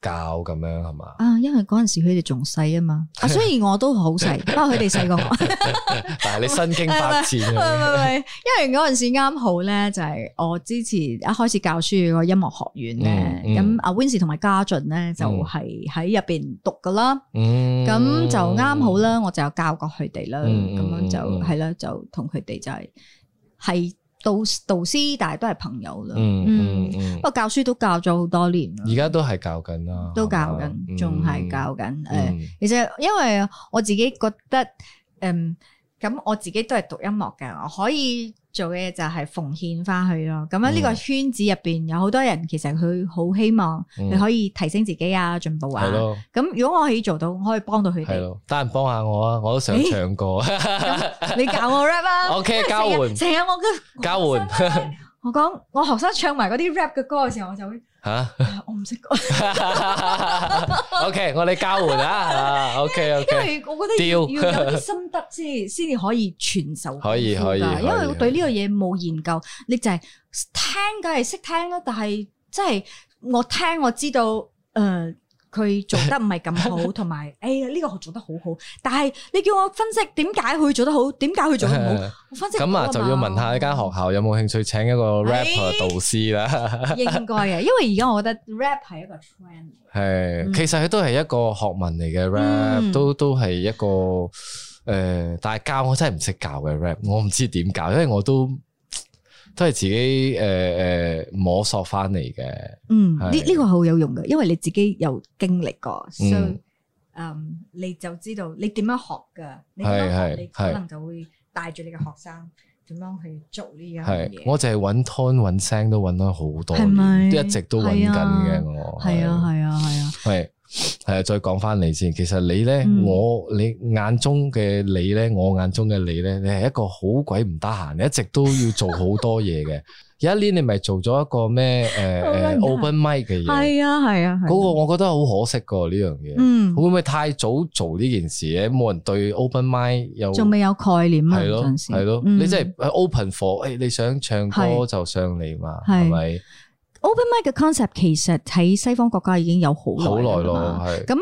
教咁樣係嘛？啊，因為嗰陣時佢哋仲細啊嘛，啊，所以我都好細，不 過佢哋細過我， 但係你身經百戰， 是是 因為嗰陣時啱好咧，就係、是、我之前一開始教書個音樂學院咧，咁阿 Wins 同埋嘉俊咧就係喺入邊讀噶啦，咁、嗯、就啱好啦，我就有教過佢哋啦，咁樣、嗯、就係啦、嗯，就同佢哋就係、是、係。導導師，但係都係朋友啦。嗯。嗯嗯，不過教書都教咗好多年。而家都係教緊啦，都教緊，仲係教緊。誒，其實因為我自己覺得，嗯，咁我自己都係讀音樂嘅，我可以。做嘅嘢就係奉獻翻去咯，咁喺呢個圈子入邊有好多人，其實佢好希望你可以提升自己啊、進步啊。咁、嗯、如果我可以做到，我可以幫到佢哋。係咯，得閒幫下我啊！我都想唱歌，欸、 你教我 rap 啊！OK，交換，成、okay, 我跟交換，家緣 我講我學生唱埋嗰啲 rap 嘅歌嘅時候，我就會。吓哈、呃，我唔識講。O K，我哋交換啦。OK，因為我覺得要，掉 要有啲心得先先至可以傳授可以，可以。因為我對呢個嘢冇研究。你就係聽，聽，梗係識聽啦，但係即係我聽，我知道誒。呃佢做得唔係咁好，同埋哎呀呢個學做得好好，但係你叫我分析點解佢做得好，點解佢做得唔好？我分析咁啊，就要問下呢間學校有冇興趣請一個 rap 導師啦。應該嘅，因為而家我覺得 rap 係一個 trend。係，其實佢都係一個學問嚟嘅 rap，都都係一個誒，但係教我真係唔識教嘅 rap，我唔知點教，因為我都。都係自己誒誒、呃呃、摸索翻嚟嘅，嗯，呢呢是個好有用嘅，因為你自己有經歷過，嗯、所以嗯、um, 你就知道你點樣學嘅，是你點樣你可能就會帶住你嘅學生點樣去做呢樣嘢。我就係揾 tone、揾聲都揾咗好多年吧，一直都揾緊嘅我。係啊，係啊，係啊，係、啊。係再講翻嚟先，其實你咧，我你眼中嘅你咧，我眼中嘅你咧，你係一個好鬼唔得閒，你一直都要做好多嘢嘅。有一年你咪做咗一個咩誒誒 open mic 嘅嘢，係啊，係啊。嗰個我覺得好可惜噶呢樣嘢，會唔會太早做呢件事咧？冇人對 open mic 有，仲未有概念啊。係咯，係咯，你即係 open for，誒，你想唱歌就上嚟嘛，係咪？Open mic 嘅 concept 其實喺西方國家已經有好耐啦嘛。咁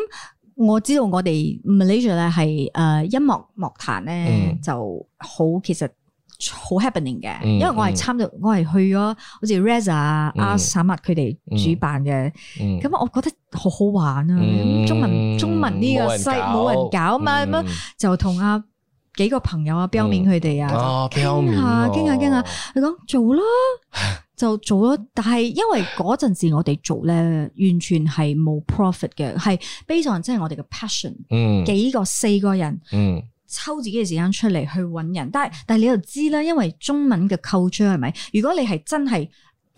我知道我哋 Malaysia 咧係誒音樂樂壇咧就好其實好 happening 嘅，因為我係參我係去咗好似 Razer 啊、阿 Sam 啊佢哋主辦嘅。咁我覺得好好玩啊！中文中文呢個西冇人搞啊嘛，咁就同阿幾個朋友啊、彪明佢哋啊，傾下傾下傾下，佢講做啦。就做咗，但係因為嗰陣時我哋做咧，完全係冇 profit 嘅，係 based on 真係我哋嘅 passion，幾個四個人抽自己嘅時間出嚟去搵人，但係但係你又知啦，因為中文嘅 culture 係咪？如果你係真係。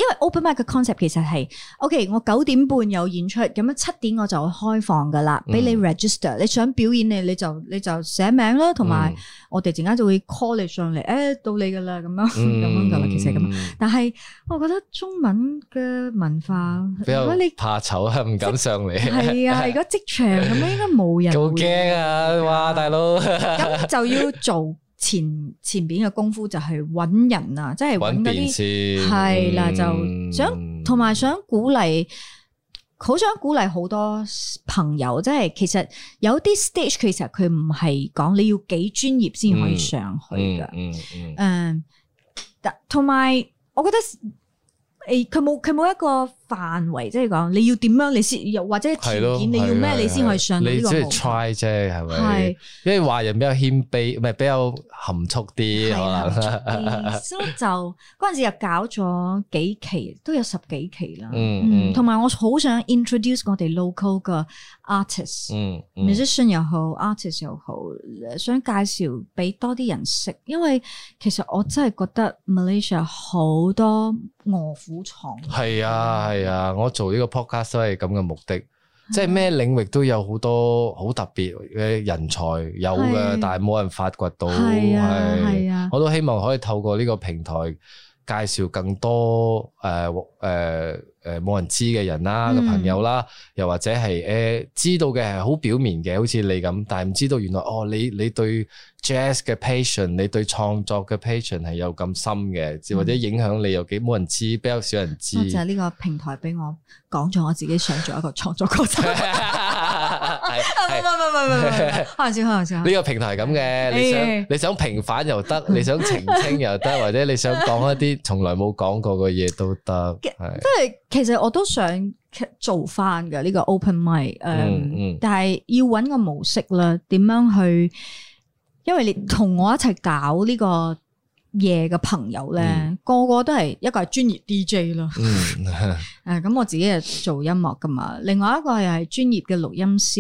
因為 Open Mic 嘅 concept 其實係，OK，我九點半有演出，咁樣七點我就開放噶啦，俾、嗯、你 register，你想表演你你就你就寫名啦，同埋我哋陣間就會 call 你上嚟，誒、欸、到你噶啦，咁樣咁樣噶啦，嗯、其實咁。但係我覺得中文嘅文化，比如果你怕醜唔敢上嚟，係 啊，係如果職場咁樣應該冇人做。好驚啊！哇，大佬，咁就要做。 前前邊嘅功夫就係揾人啊，即係揾嗰啲係啦，就想同埋、嗯、想鼓勵，好想鼓勵好多朋友，即係其實有啲 stage 其實佢唔係講你要幾專業先可以上去噶、嗯，嗯，但同埋我覺得誒佢冇佢冇一個範圍即係講，你要點樣你先，又或者條件你要咩你先可以上到呢個你即係 try 啫，係咪？係，因為華人比較謙卑，唔係比較含蓄啲啊嘛。所以就嗰陣時又搞咗幾期，都有十幾期啦。嗯，同埋我好想 introduce 我哋 local 嘅 artists，musician 又好，artist 又好，想介紹俾多啲人識。因為其實我真係覺得 Malaysia 好多卧虎藏。係啊，係。係啊，我做呢個 podcast 都係咁嘅目的，即係咩領域都有好多好特別嘅人才有嘅，是但係冇人發掘到。係啊，是啊我都希望可以透過呢個平台。介紹更多誒誒誒冇人知嘅人啦，嘅、嗯、朋友啦，又或者係誒、呃、知道嘅係好表面嘅，好似你咁，但係唔知道原來哦，你你對 jazz 嘅 passion 你對創作嘅 passion 係有咁深嘅，或者影響你又幾冇人知，比較少人知，就係呢個平台俾我講咗我自己想做一個創作歌手。 係唔係唔係唔係唔係開玩笑開玩笑呢個平台係咁嘅，你想你想平反又得，你想澄清又得，或者你想講一啲從來冇講過嘅嘢都得，係即係其實我都想做翻噶呢個 open mic，誒，但係要揾個模式啦，點樣去？因為你同我一齊搞呢個。 嗯嘢嘅朋友咧，個個都係一個係專業 DJ 咯。誒，咁我自己係做音樂㗎嘛。另外一個又係專業嘅錄音師，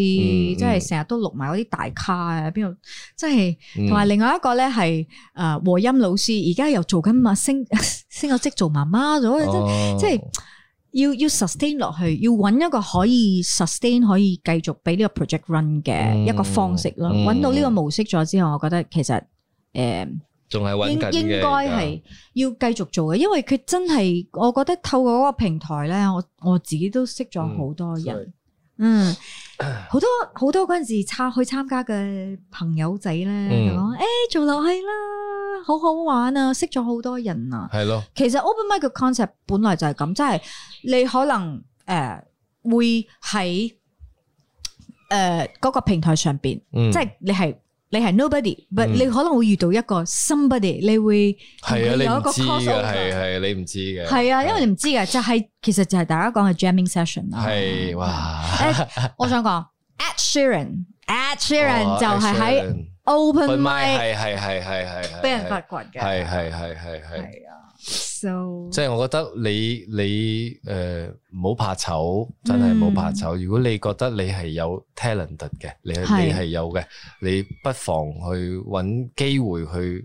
即係成日都錄埋嗰啲大咖啊，邊度？即係同埋另外一個咧係誒和音老師。而家又做緊嘛，升升咗職做媽媽咗，即即係要要 sustain 落去，要揾一個可以 sustain 可以繼續俾呢個 project run 嘅一個方式咯。揾到呢個模式咗之後，我覺得其實誒。仲係揾緊嘅，應該係要繼續做嘅，因為佢真係，我覺得透過嗰個平台咧，我我自己都識咗好多人，嗯，好、嗯、多好多嗰陣時去參加嘅朋友仔咧，就講、嗯，誒、欸、做落去啦，好好玩啊，識咗好多人啊，係咯的，其實 open mic 嘅 concept 本來就係咁，即、就、係、是、你可能誒、呃、會喺誒嗰個平台上邊，即係、嗯、你係。你係 nobody，但你可能會遇到一個 somebody，你會有個 call song。係啊，你唔知嘅係係你唔知嘅。係啊，因為你唔知嘅就係其實就係大家講嘅 jamming session 啊。係哇！我想講 at Sharon，at Sharon 就係喺 open mic，係係係係係被人發掘嘅，係係係係係啊。So 即係我覺得你你誒，唔好怕醜，真係唔好怕醜。嗯、如果你覺得你係有 talent 嘅，你係你係有嘅，你不妨去揾機會去誒、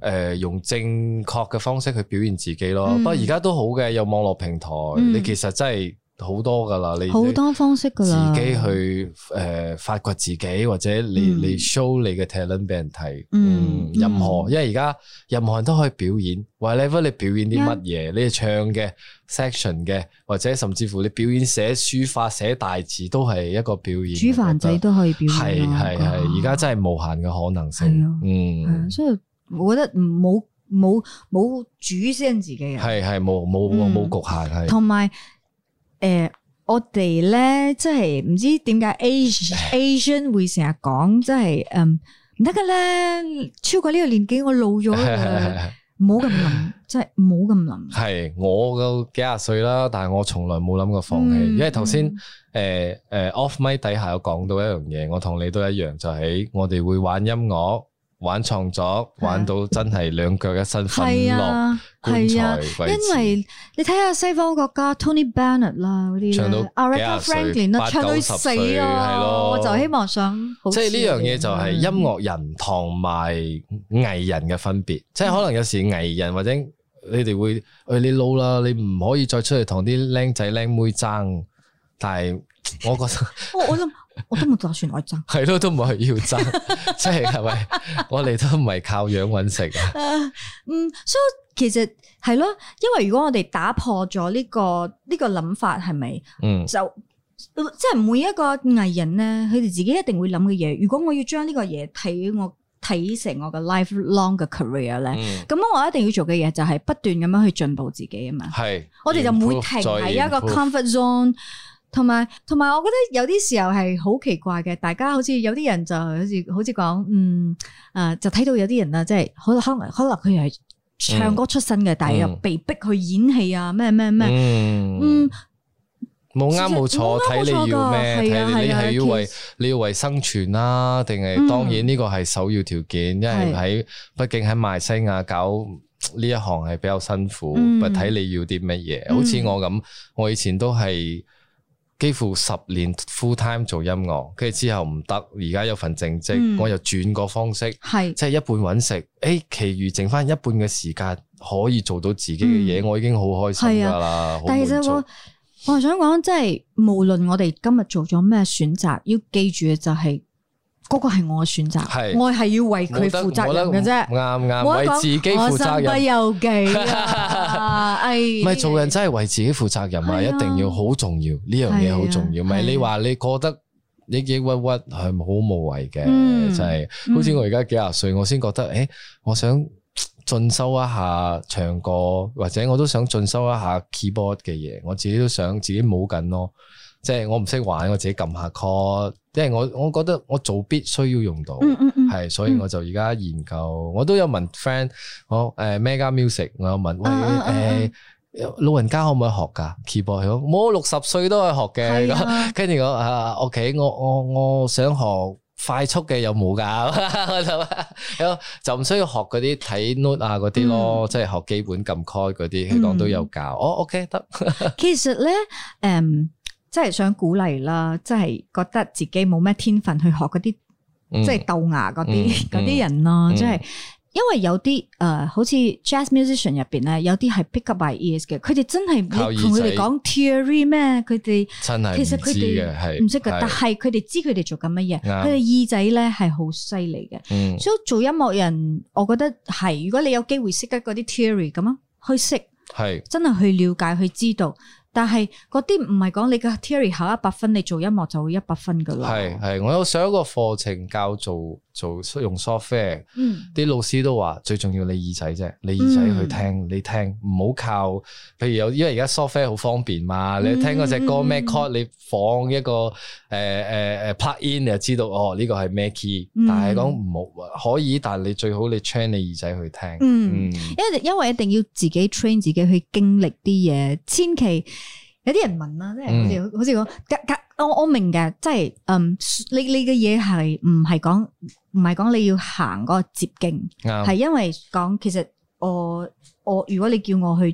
呃，用正確嘅方式去表現自己咯。嗯、不過而家都好嘅，有網絡平台，嗯、你其實真係。好多噶啦，你好多方式噶啦，自己去誒、呃、發掘自己，或者你你 show 你嘅 talent 俾人睇，嗯，任何，因為而家任何人都可以表演 whatever 你表演啲乜嘢，你唱嘅 section 嘅，或者甚至乎你表演寫書法、寫大字都係一個表演，煮飯仔都可以表演，係係係，而家真係無限嘅可能性，啊、嗯，所以我覺得冇冇冇煮先自己，係係冇冇冇局限，係同埋。誒、呃，我哋咧即係唔知點解 Asian Asian 會成日講即係，嗯，唔得噶咧，超過呢個年紀我老咗，唔好咁諗，即係唔好咁諗。係我都幾廿歲啦，但係我從來冇諗過放棄，嗯、因為頭先誒誒 Off mic 底下有講到一樣嘢，我同你都一樣，就係、是、我哋會玩音樂。玩創作，玩到真係兩腳一身歡樂，係啊，係啊，啊。因為你睇下西方國家 Tony Bennett 啦，啲唱到 a、啊、Aretha Franklin 都唱到死、啊、咯，係咯。我就希望想即係呢樣嘢就係音樂人同埋藝人嘅分別，嗯、即係可能有時藝人或者你哋會誒你老啦，你唔可以再出去同啲靚仔靚妹爭，但係我覺得我諗。我都冇打算我爭，係咯，都冇係要爭，即係係咪？我哋都唔係靠樣揾食啊。嗯，所、so, 以其實係咯，因為如果我哋打破咗呢、這個呢、這個諗法，係咪？嗯，就即係每一個藝人咧，佢哋自己一定會諗嘅嘢。如果我要將呢個嘢睇我睇成我嘅 lifelong 嘅 career 咧、嗯，咁我一定要做嘅嘢就係不斷咁樣去進步自己啊嘛。係是，我哋就唔會停喺一個 comfort zone。同埋同埋，我覺得有啲時候係好奇怪嘅。大家好似有啲人就好似好似講，嗯啊，就睇到有啲人啊，即係可能可能佢係唱歌出身嘅，但係又被逼去演戲啊，咩咩咩，嗯，冇啱冇錯，睇你要咩，睇你你係要為你要為生存啦，定係當然呢個係首要條件。因為喺畢竟喺馬來西亞搞呢一行係比較辛苦，唔睇你要啲乜嘢。好似我咁，我以前都係。幾乎十年 full time 做音樂，跟住之後唔得，而家有份正職，嗯、我又轉個方式，係即係一半搵食，誒、哎，其餘剩返一半嘅時間可以做到自己嘅嘢，嗯、我已經好開心㗎啦。啊、但係其實我我係想講，即係無論我哋今日做咗咩選擇，要記住嘅就係、係。嗰個係我嘅選擇，我係要為佢負責任啫，啱，為自己負責任。唔係做人真係為自己負責任啊，一定要好重要呢樣嘢好重要。唔係你話你覺得抑抑鬱鬱係好無謂嘅，就係好似我而家幾廿歲，我先覺得，誒，我想進修一下唱歌，或者我都想進修一下 keyboard 嘅嘢，我自己都想自己冇緊咯，即係我唔識玩，我自己撳下 key。即係我，我覺得我做必須要用到，係、嗯嗯、所以我就而家研究。嗯、我都有問 friend，我誒、欸、Mega Music，我有問，誒、啊啊欸、老人家可唔可以學噶 keyboard？我六十歲都可以學嘅。跟住、啊、 我啊，OK，我我我想學快速嘅有冇 我就就唔需要學嗰啲睇 note 啊嗰啲咯，嗯、即係學基本撳 key 嗰啲，香港都有教。嗯、哦，OK 得。 其實咧，誒、um,。真係想鼓勵啦，即係覺得自己冇咩天分去學嗰啲，即係、嗯、豆芽嗰啲啲人啦。即係、嗯、因為有啲誒、呃，好似 jazz musician 入邊咧，有啲係 pick up by ears 嘅，佢哋真係同佢哋講 theory 咩？佢哋其實佢哋唔識噶，嗯嗯、但係佢哋知佢哋做緊乜嘢。佢哋耳仔咧係好犀利嘅，嗯、所以做音樂人，我覺得係如果你有機會識得嗰啲 theory 咁啊，去識係真係去了解去知道。嗯但係嗰啲唔係講你嘅 theory 考一百分，你做音樂就會一百分㗎喇。係係，我有上一個課程叫做。做用 software，啲老師都話最重要你耳仔啫，你耳仔去聽，嗯、你聽唔好靠。譬如有，因為而家 software 好方便嘛，你聽嗰隻歌咩 key，嗯、你放一個誒誒誒 plug in，你就知道哦呢個係咩 key。嗯、但係講唔好可以，但係你最好你 train 你耳仔去聽。嗯，嗯、因為因為一定要自己 train 自己去經歷啲嘢，千祈有啲人問啦，即係好似講、嗯，我我明嘅，即係嗯，你你嘅嘢係唔係講？唔係講你要行嗰個捷徑，係 Yeah. 因為講其實我我如果你叫我去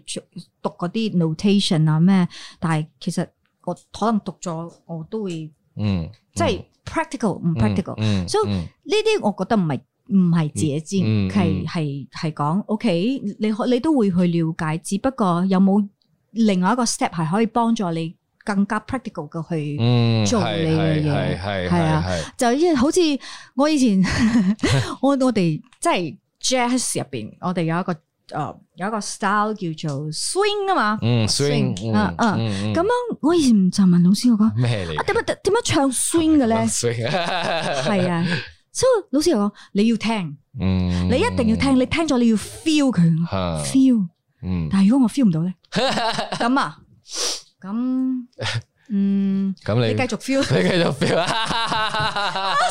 讀嗰啲 notation 啊咩，但係其實我可能讀咗我都會，嗯、mm，即係 practical 唔 practical，所以呢啲我覺得唔係唔係自己知，係係係講 OK，你你都會去了解，只不過有冇另外一個 step 係可以幫助你？更加 practical 嘅去做你嘅嘢，係啊，就因為好似我以前，我我哋即係 jazz 入邊，我哋有一個誒有一個 style 叫做 swing 啊嘛，swing，咁樣我以前就問老師我講咩嚟？點樣點樣唱 swing 嘅咧？係啊，所以老師又講你要聽，你一定要聽，你聽咗你要 feel 佢，feel，但係如果我 feel 唔到咧，咁啊？咁，嗯，咁你繼續 feel，你繼續 feel 啊！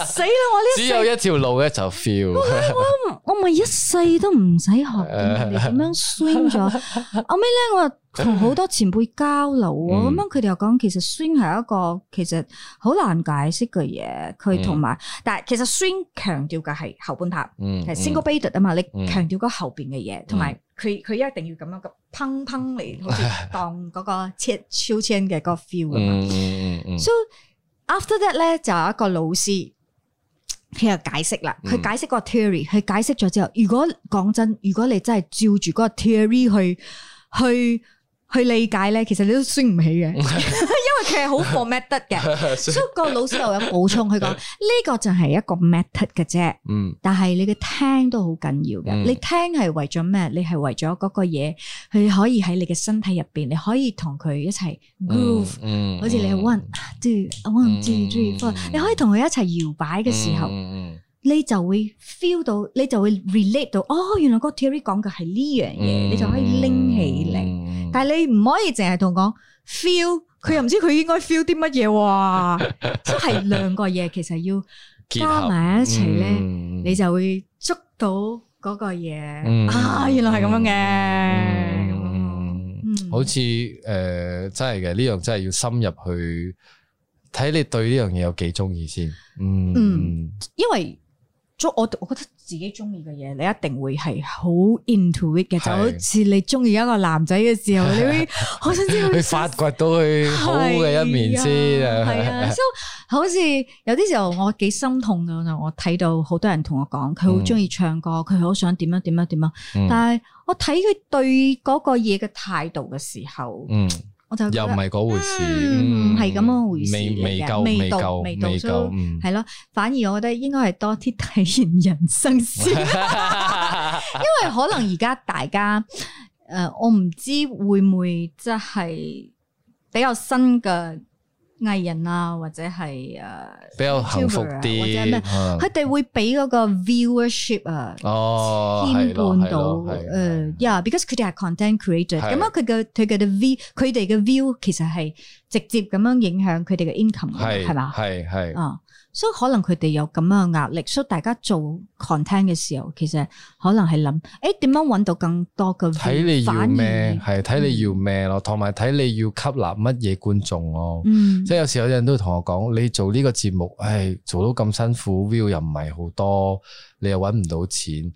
死啦！我呢，只有一條路咧，就 feel。 我我咪一世都唔使學人哋點樣 swing 咗。後尾咧，我，同好多前輩交流啊，咁樣佢哋又講其實 Swing 係一個其實好難解釋嘅嘢，佢同埋，嗯、但係其實 Swing 強調嘅係後半拍，係 single beat 啊嘛，ated, 嗯、你強調個後邊嘅嘢，同埋佢佢一定要咁樣咁砰砰嚟，嗯、好似當嗰個超超千嘅嗰個 feel 啊嘛、嗯。嗯嗯、So after that 咧就有一個老師，佢又解釋啦，佢解釋個 theory，佢解釋咗之後，如果講真，如果你真係照住嗰個 theory 去去。去去去去理解咧，其實你都酸唔起嘅，因為佢係好 format 得嘅。所以個老師又有補充，佢講呢個就係一個 m e t t e r 嘅啫。嗯，但係你嘅聽都好緊要嘅。你聽係為咗咩？你係為咗嗰個嘢，佢可以喺你嘅身體入邊，你可以同佢一齊 groove。好似你 one two one t o t o 你可以同佢一齊搖擺嘅時候，你就會 feel 到，你就會 relate 到，哦，原來個 theory 講嘅係呢樣嘢，你就可以拎起嚟。但係你唔可以淨係同我講 feel，佢又唔知佢應該 feel 啲乜嘢。即係兩個嘢其實要加埋一齊咧，你就會捉到嗰個嘢。啊，原來係咁樣嘅，嗯，好似誒真係嘅，呢樣真係要深入去睇你對呢樣嘢有幾鍾意先。嗯，因為捉我我覺得。自己中意嘅嘢，你一定會係好 into it 嘅，啊、就好似你中意一個男仔嘅時候，你會好、啊、想知佢 發掘到佢好嘅一面先係啊。啊 所以好似有啲時候我幾心痛噶，我睇到好多人同我講，佢好中意唱歌，佢好想點樣點樣點樣，嗯、但係我睇佢對嗰個嘢嘅態度嘅時候，嗯。又唔係嗰回事，係咁樣回事嚟嘅。未夠未夠味道，味道係咯。反而我覺得應該係多啲體驗人生先， 因為可能而家大家，誒、呃，我唔知會唔會即係比較新嘅。藝人啊，或者係誒、uh, 比較幸福啲，或者咩？佢哋、嗯、會俾嗰個 viewership 啊，牽絆、哦、到誒，因為因為佢哋係 content creator，咁樣佢嘅佢嘅 v 佢哋嘅 view 其實係直接咁樣影響佢哋嘅 income 係嘛的？係係啊。所以、so, 可能佢哋有咁樣嘅壓力，所以大家做 content 嘅時候，其實可能係諗，誒點樣揾到更多嘅睇你要咩？反而係睇你要咩咯，同埋睇你要吸納乜嘢觀眾咯。嗯，即係有時有人都會同我講，你做呢個節目，誒、哎、做到咁辛苦，view 又唔係好多，你又揾唔到錢。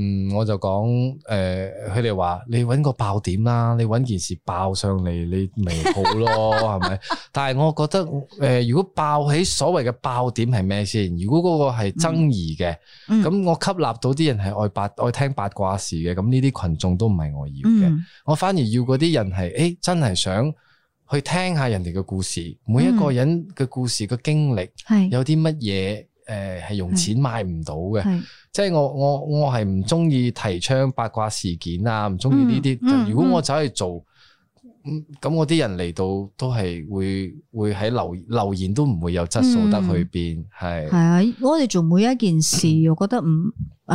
嗯，我就講，誒、呃，佢哋話你搵個爆點啦，你搵件事爆上嚟，你咪好咯，係咪？ 但係我覺得，誒、呃，如果爆起所謂嘅爆點係咩先？如果嗰個係爭議嘅，咁、嗯嗯、我吸納到啲人係愛八愛聽八卦事嘅，咁呢啲群眾都唔係我要嘅，嗯、我反而要嗰啲人係，誒、欸，真係想去聽下人哋嘅故事，每一個人嘅故事嘅、嗯嗯、經歷，係有啲乜嘢？誒係、呃、用錢買唔到嘅，係即係我我我係唔中意提倡八卦事件啊，唔中意呢啲。如果我走去做。嗯嗯咁，我啲人嚟到都係會會喺留言，留言都唔會有質素得、嗯、去變，係係啊！我哋做每一件事，嗯、我覺得唔誒、嗯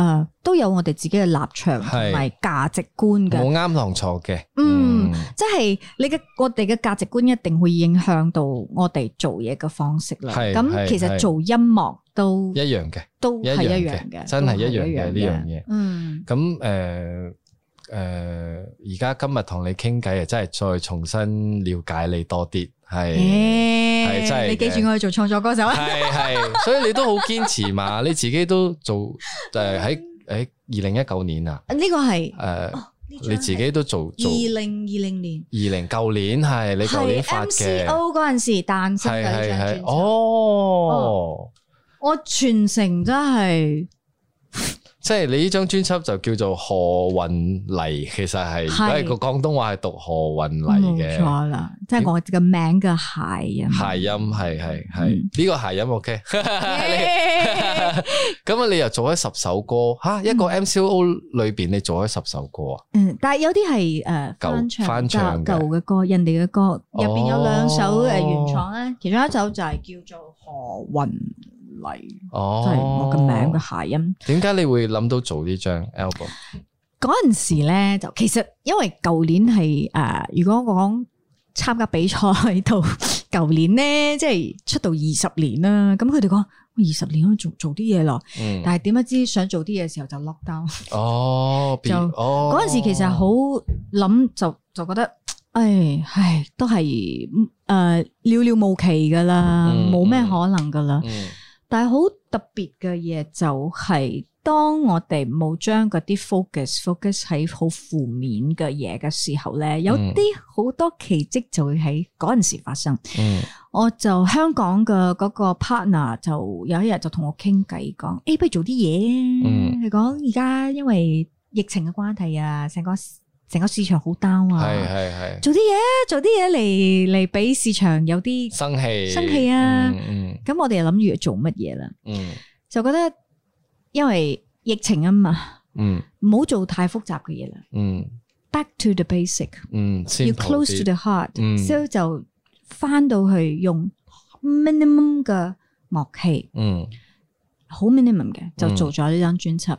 呃、都有我哋自己嘅立場同埋價值觀嘅，冇啱同錯嘅。嗯，嗯即係你嘅我哋嘅價值觀一定會影響到我哋做嘢嘅方式啦。係咁，其實做音樂都一樣嘅，都係一樣嘅，真係一樣嘅呢樣嘢。嗯，咁誒、嗯。誒，而家今日同你傾偈啊，真係再重新了解你多啲，係係真係。你記住我去做創作歌手，係係，所以你都好堅持嘛，你自己都做，就係喺誒、二零一九年啊。呢個係誒、你自己都做。二零二零年，二零舊年係你舊年發嘅。M C O 嗰陣時誕生嘅一張專輯，哦，我全程真係。即係你呢張專輯就叫做何韻黎，其實係而家係個廣東話係讀何韻黎嘅，錯啦、嗯，即係我個名嘅諧音。諧音係係係，呢個諧音 O K。咁啊，你又做咗十首歌，吓、啊、一個 M C O 裏邊你做咗十首歌啊？嗯，但係有啲係誒翻唱翻唱舊嘅歌，人哋嘅歌入邊有兩首誒原創咧，其中一首就係叫做何韻。哦，即係我嘅名嘅諧音。點解你會諗到做張呢張 album？嗰陣時咧，就其實因為舊年係誒、呃，如果講參加比賽喺度，舊年咧即係出道二十年啦。咁佢哋講二十年都做做啲嘢咯。嗯、但係點不知想做啲嘢嘅時候就 lock down。哦， 就嗰陣、哦、時其實好諗，就就覺得，唉，唉，都係誒，寥、呃、寥無期噶啦，冇咩、嗯、可能噶啦。嗯但係好特別嘅嘢就係、是，當我哋冇將嗰啲 focus focus 喺好負面嘅嘢嘅時候咧，嗯、有啲好多奇蹟就會喺嗰陣時發生。嗯、我就香港嘅嗰個 partner 就有一日就同我傾偈講：誒、欸、不如做啲嘢。佢講而家因為疫情嘅關係啊，成個。整個市場好 down 啊，是是是做啲嘢，做啲嘢嚟嚟俾市場有啲生氣，生氣啊！咁、嗯嗯、我哋又諗住做乜嘢啦？嗯、就覺得因為疫情啊嘛，唔好、嗯、做太複雜嘅嘢啦。嗯、Back to the basic，要、嗯、close to the heart，所以、嗯 so、就返到去用 minimum 嘅樂器，好、嗯、minimum 嘅就做咗呢張專輯。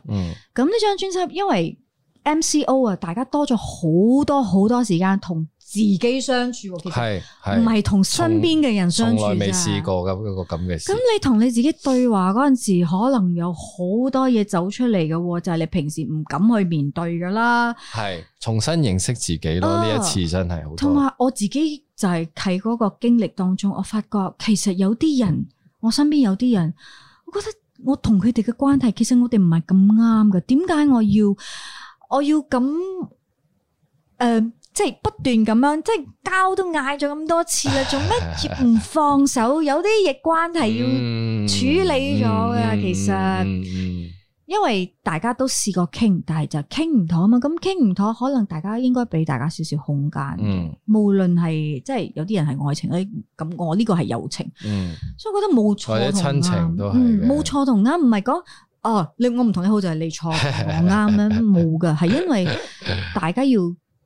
咁呢張專輯因為。MCO 啊，MC o，大家多咗好多好多時間同自己相處，唔係同身邊嘅人相處。從來未試過咁嗰個咁嘅事。咁你同你自己對話嗰陣時，可能有好多嘢走出嚟嘅，就係、是、你平時唔敢去面對噶啦。係重新認識自己咯，呢一次真係好。同埋、哦、我自己就係喺嗰個經歷當中，我發覺其實有啲人，我身邊有啲人，我覺得我同佢哋嘅關係，其實我哋唔係咁啱嘅。點解我要？我要咁誒、呃，即係不斷咁樣，即係交都嗌咗咁多次啦，做咩唔放手？啊、有啲逆關係要處理咗噶，嗯嗯嗯、其實因為大家都試過傾，但係就傾唔妥啊嘛。咁傾唔妥，可能大家應該俾大家少少空間。嗯、無論係即係有啲人係愛情咧，咁、哎、我呢個係友情，嗯，所以我覺得冇錯，親情都係，冇錯同啱唔係講。哦，你我唔同你好就係、是、你錯，我啱啦，冇噶，係因為大家要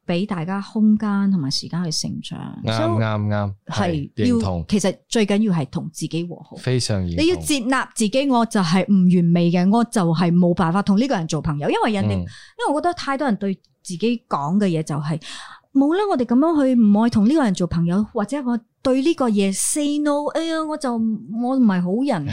俾大家空間同埋時間去成長，啱啱係要同。其實最緊要係同自己和好，非常嚴。你要接納自己，我就係唔完美嘅，我就係冇辦法同呢個人做朋友，因為人哋，嗯、因為我覺得太多人對自己講嘅嘢就係冇啦，我哋咁樣去唔愛同呢個人做朋友，或者我對呢個嘢 say no，哎呀，我就我唔係好人。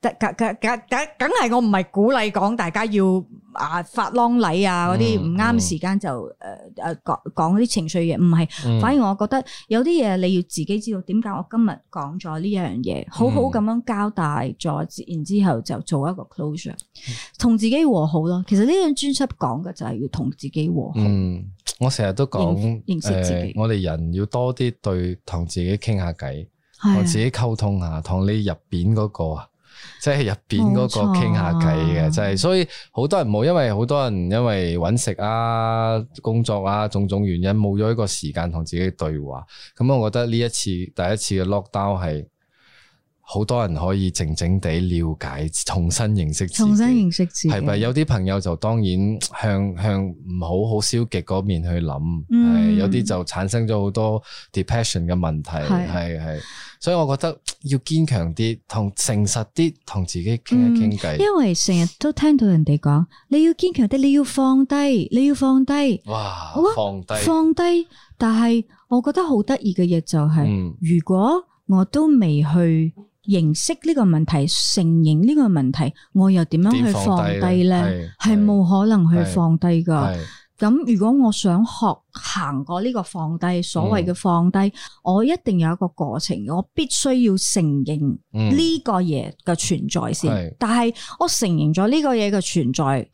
得，梗梗梗梗梗係，我唔係鼓勵講大家要發禮啊發狼戾啊嗰啲，唔啱時間就誒誒講講嗰啲情緒嘢，唔係，嗯、反而我覺得有啲嘢你要自己知道點解我今日講咗呢樣嘢，好好咁樣交代咗，然之後就做一個 closure，、嗯、同自己和好咯。其實呢樣專輯講嘅就係要同自己和好。嗯，我成日都講認識自己，呃、我哋人要多啲對同自己傾下偈，同呀自己溝通下，同你入邊嗰個。即係入邊嗰個傾下偈嘅，即係冇錯、啊就係、所以好多人冇，因為好多人因為揾食啊、工作啊種種原因冇咗一個時間同自己對話，咁、嗯、我覺得呢一次第一次嘅 lockdown 係。好多人可以靜靜地了解，重新認識，重新認識自己。係咪有啲朋友就當然向向唔好好消極嗰面去諗？係、嗯、有啲就產生咗好多 depression 嘅問題。係係、嗯，所以我覺得要堅強啲，同誠實啲，同自己傾一傾偈、嗯。因為成日都聽到人哋講，你要堅強啲，你要放低，你要放低。哇！啊、放低，放低。但係我覺得好得意嘅嘢就係、係，嗯、如果我都未去。認識呢個問題，承認呢個問題，我又點樣去放低呢？係冇可能去放低㗎。咁如果我想學行過呢個放低，所謂嘅放低，嗯，我一定有一個過程，我必須要承認呢個嘢嘅存在先。但係我承認咗呢個嘢嘅存在，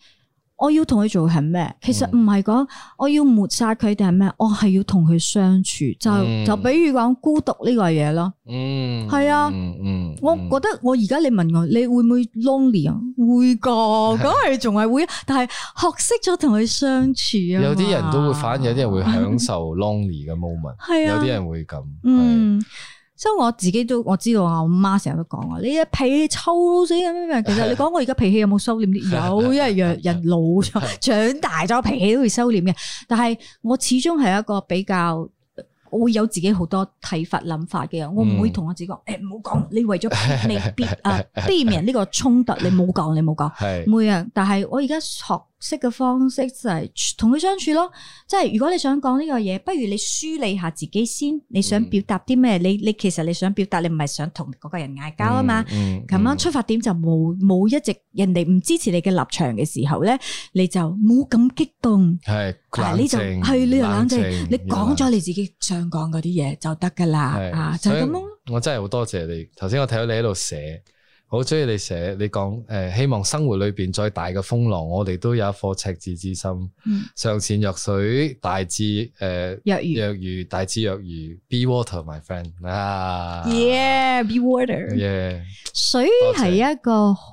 我要同佢做係咩？其實唔係講我要抹殺佢哋係咩？我係要同佢相處，就、嗯、就比如講孤獨呢個嘢咯，係、嗯、啊，嗯嗯、我覺得我而家你問我你會唔會 lonely 啊？會噶，梗係仲係會， 但係學識咗同佢相處啊。有啲人都會反而有啲人會享受 lonely 嘅 moment， 啊、有啲人會咁。所以我自己都我知道，啊，我阿媽成日都講啊，你嘅脾氣臭死咁樣。其實你講我而家脾氣有冇收斂啲？有，因為人老咗、長大咗，脾氣都會收斂嘅。但係我始終係一個比較，我會有自己好多睇法、諗法嘅人。我唔會同我自己講，唔好講。你為咗未必啊，避免呢個衝突，你冇講，你冇講，唔會啊。但係我而家學。識嘅方式就係同佢相處咯，即係如果你想講呢個嘢，不如你梳理下自己先，你想表達啲咩？嗯、你你其實你想表達，你唔係想同嗰個人嗌交啊嘛？咁、嗯嗯、樣出發點就冇冇一直人哋唔支持你嘅立場嘅時候咧，你就冇咁激動。係冷靜，係、哎、你就係冷靜你就冷靜，冷靜你講咗你自己想講嗰啲嘢就得噶啦。冷靜啊，就咁、係、咯。我真係好多謝你。頭先我睇到你喺度寫。好中意你寫，你講誒、呃，希望生活裏邊再大嘅風浪，我哋都有一顆赤子之心，嗯、上善若水，大智誒，呃、若愚魚若愚大智若愚，Be water my friend 啊！Yeah，Be water。水係一個好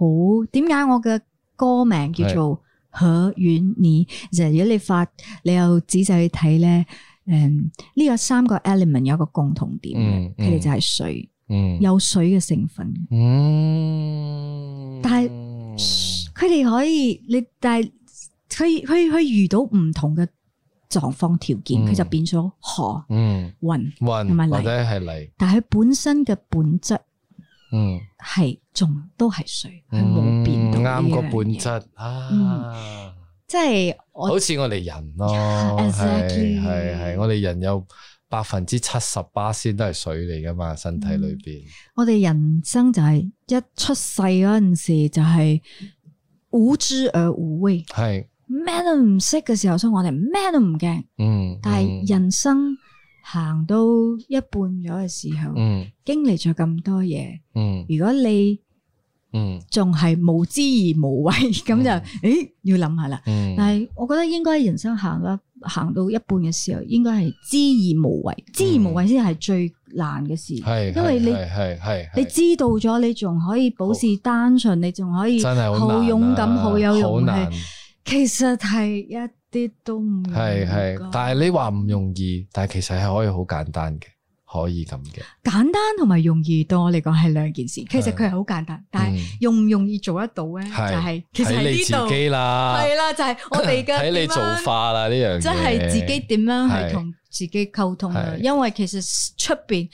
點解？我嘅歌名叫做可遠你，是就如果你發，你又仔細去睇咧，誒、嗯，呢、這個三個 element 有一個共同點，佢哋就係水。嗯有水嘅成分，嗯，但係佢哋可以，你但係佢，佢，佢遇到唔同嘅狀況條件，佢就變咗河、嗯、雲、雲同埋或者係泥，但係佢本身嘅本質，嗯，係仲都係水，係冇變啱個本質啊，即係，好似我哋人咯，係係係，我哋人有。百分之七十八先都係水嚟㗎嘛，嗯、身體裏邊。我哋人生就係一出世嗰陣時就係無知而無畏，係咩、係、都唔識嘅時候，所以我哋咩都唔驚、嗯。嗯，但係人生行到一半咗嘅時候，嗯，經歷咗咁多嘢，嗯，如果你，嗯，仲係無知而無畏，咁、嗯、就，嗯、咦，要諗下啦。但、嗯，但係我覺得應該人生行啦。行到一半嘅時候，應該係知而無畏，嗯、知而無畏先係最難嘅事。係是，因為你係係你知道咗，你仲可以保持單純，好你仲可以真係好勇敢，好、啊、有勇氣。難其實係一啲都唔係，係係。但係你話唔容易，但係其實係可以好簡單嘅。可以咁嘅，簡單同埋容易，對我嚟講係兩件事。其實佢係好簡單，但係容唔容易做得到咧？是就係睇你自己啦，係啦，就係、是、我哋而家睇你做法啦呢樣，即係 自己點樣去同自己溝通啊？是因為其實出邊，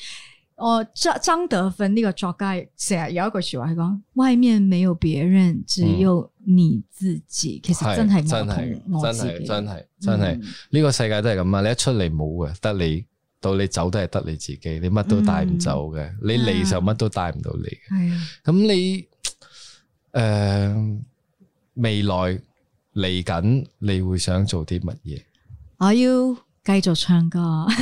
我張張德芬呢個作家成日有一句說話係講，外面沒有別人，只有你自己。嗯、其實真係真係真係真係真係，呢、嗯、個世界都係咁啊！你一出嚟冇嘅，得你。到你走都係得你自己，你乜都帶唔走嘅。嗯、你嚟，就乜都帶唔到你。係啊是的，咁你誒未來嚟緊，你會想做啲乜嘢？我要繼續唱歌，誒，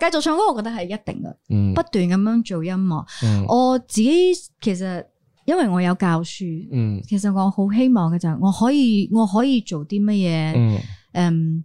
繼續唱歌，我覺得係一定嘅。嗯，不斷咁樣做音樂，嗯、我自己其實因為我有教書，嗯，其實我好希望嘅就係我可以，我可以做啲乜嘢，嗯。嗯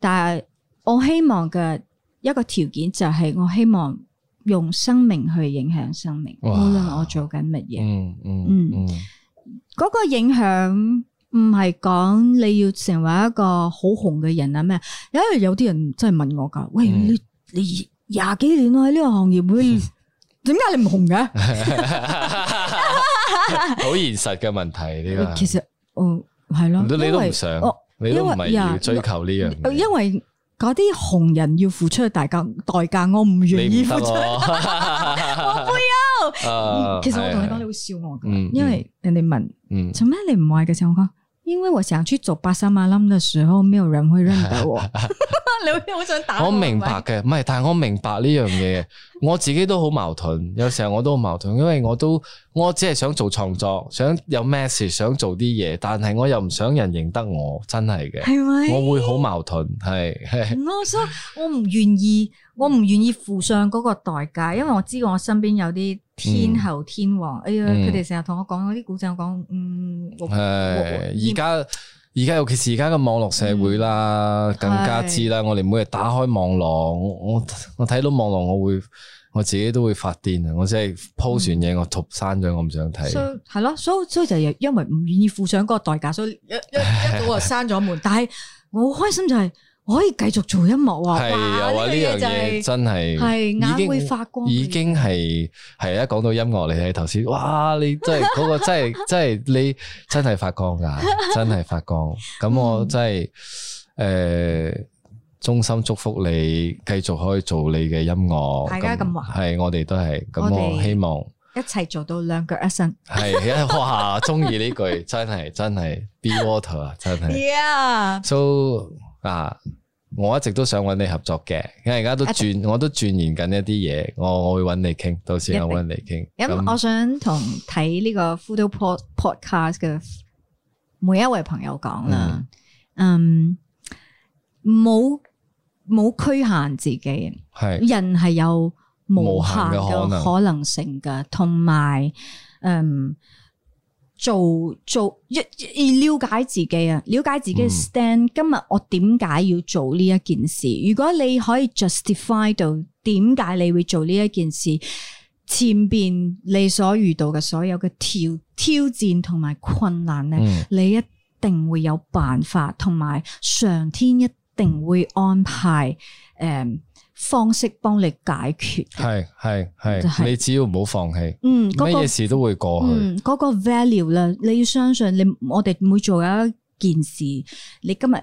但係我希望嘅一個條件就係我希望用生命去影響生命，無論哇我做緊乜嘢。嗯嗯嗯，嗰、嗯、個影響唔係講你要成為一個好紅嘅人啊咩？因為有啲人真係問我噶，嗯、喂你你廿幾年我喺呢個行業，點解你唔紅嘅？ 好現實嘅問題呢個。其實，哦、我，係咯，你都唔想。你要因為啊，追求呢樣，因為嗰啲紅人要付出嘅代價代價，我唔願意付出，不啊、 我不要。啊、其實我同、嗯、你講，你會笑我噶，因為人哋問，做咩、嗯、你唔賣嘅時候，我因為我想出做八三馬冧嘅時候，沒有人會認得我。 你會好想打我？ 我明白嘅，唔係，但係我明白呢樣嘢， 我自己都好矛盾。有時候我都好矛盾，因為我都我只係想做創作，想有咩事，想做啲嘢，但係我又唔想人認得我，真係嘅。係咪嗎？我會好矛盾，係。No, so, 我所我唔願意，我唔願意付上嗰個代價，因為我知道我身邊有啲。天后天王，哎呀！佢哋成日同我講嗰啲古仔，我講嗯。誒，而家而家尤其是而家嘅網絡社會啦，嗯、更加知啦。我哋每日打開網絡，的我我我睇到網絡，我會我自己都會發癲啊！我真係 po 完嘢，我讀刪咗，我唔想睇。係咯，所以所以就係因為唔願意付上嗰個代價，所以一 一早啊刪咗門。但係我好開心就係，是。可以繼續做音樂啊！係又話呢樣嘢真係係已經會發光，已經係係一講到音樂，你睇頭先，哇！你真係嗰個真係真係你真係發光噶，真係發光。咁我真係誒，衷心祝福你繼續可以做你嘅音樂。大家咁話係，我哋都係咁，我希望一齊做到兩腳一伸。係啊，哇！中意呢句真係真係 Be Water 啊，真係。Yeah, so. 啊！我一直都想揾你合作嘅，因為而家都轉定，我都鑽研緊一啲嘢，我我會揾你傾，到時我揾你傾。咁定這樣 我想同睇呢個 photo po podcast 嘅每一位朋友講啦，嗯，冇冇局限自己，係是人係有無限嘅可能性㗎，同埋，嗯。做做一了解自己啊，了解自己嘅 stand。嗯、今日我點解要做呢一件事？如果你可以 justify 到點解你會做呢一件事，前邊你所遇到嘅所有嘅挑挑戰同埋困難呢，嗯、你一定會有辦法，同埋上天一定會安排誒。嗯嗯方式幫你解決，係係係，就係、你只要唔好放棄，嗯，咩、嘢、事都會過去、嗯。嗰、嗰個 value 咧，你要相信你，我哋每做一件事，你今日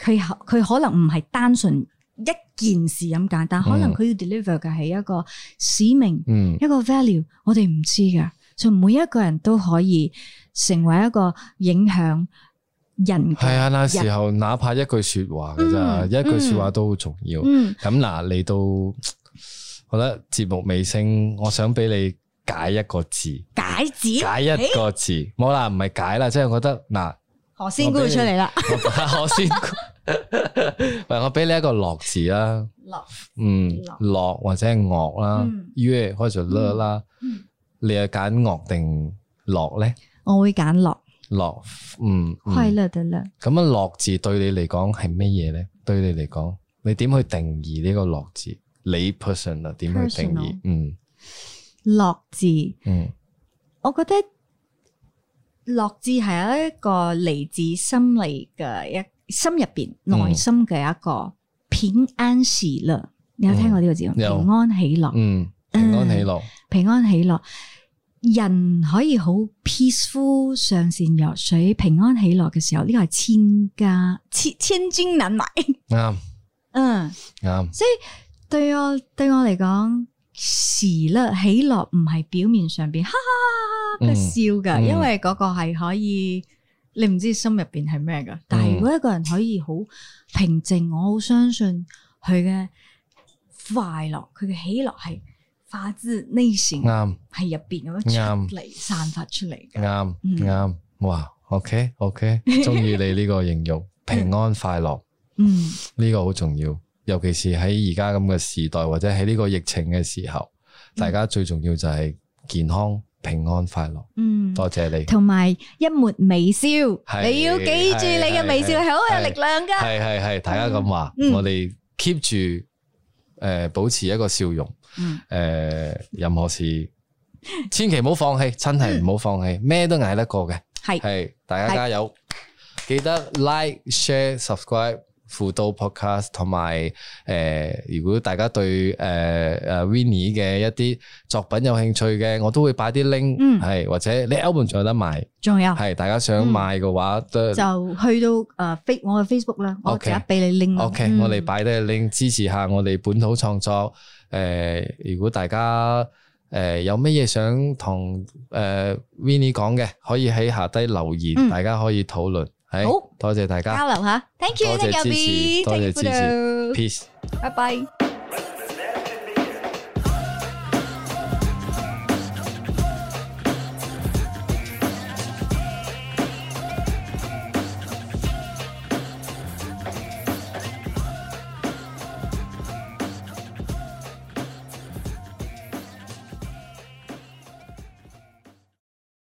佢佢可能唔係單純一件事咁簡單，可能佢要 deliver 嘅係一個使命，嗯，一個 value，我哋唔知噶，就每一個人都可以成為一個影響。人。係啊，那時候哪怕一句說話噶咋，一句說話都好重要。咁嗱嚟到，我覺得節目尾聲，我想俾你解一個字。解字？解一個字？冇啦，唔係解啦，即係我覺得嗱，何仙姑要出嚟啦。何仙姑，喂，我俾你一個樂字啦。樂，嗯，樂或者係樂啦，u 開始 l 啦，你係揀樂定樂咧？我會揀樂。樂、嗯，嗯，快樂得樂。咁樣樂字對你嚟講係乜嘢咧？對你嚟講，你點去定義呢個樂字？你 person 點去定義？嗯，樂字，嗯，我覺得樂字係有一個嚟自心理嘅一心入邊、嗯、內心嘅一個平安事樂，你有聽過呢個字？有平安喜樂，嗯，平安喜樂，嗯、平安喜樂。啊平安喜樂，人可以好 peaceful，上善若水，平安喜樂嘅時候，呢、這個係千家千千金難買。啱， 嗯，啱。所以對我對我嚟講，時率喜樂唔係表面上邊哈哈哈哈嘅笑噶，嗯、因為嗰個係可以，你唔知心入邊係咩噶。但係如果一個人可以好平靜，我好相信佢嘅快樂，佢嘅喜樂係。發自啱係入邊咁樣啱，嚟散發出嚟，嘅。啱啱，哇，OK OK，中意你呢個形容，平安快樂，嗯，呢個好重要，尤其是喺而家咁嘅時代或者喺呢個疫情嘅時候，大家最重要就係健康、平安、快樂，嗯，多謝你，同埋一抹微笑，你要記住，你嘅微笑係好有力量噶，係係係，大家咁話，我哋 keep 住。誒、呃、保持一個笑容，誒、呃、任何事千祈唔好放棄， 真係唔好放棄，咩都捱得過嘅。係是大家加油，是記得 like、share、subscribe。輔導 podcast 同埋誒，如果大家對誒誒、呃、Winnie 嘅一啲作品有興趣嘅，我都會擺啲 link 係，或者你 Open 仲有得賣，仲有係大家想買嘅話，嗯、都就去到誒、呃，我嘅 Facebook 啦，okay, 我直接俾你 link。O okay , K，、嗯、我哋擺啲 link 支持下我哋本土創作。誒、呃，如果大家誒、呃、有乜嘢想同誒、呃、Winnie 講嘅，可以喺下低留言，嗯、大家可以討論。好，hey, oh. 多謝大家，加油吓，Thank you，多謝支持，多謝支持，Peace，拜拜。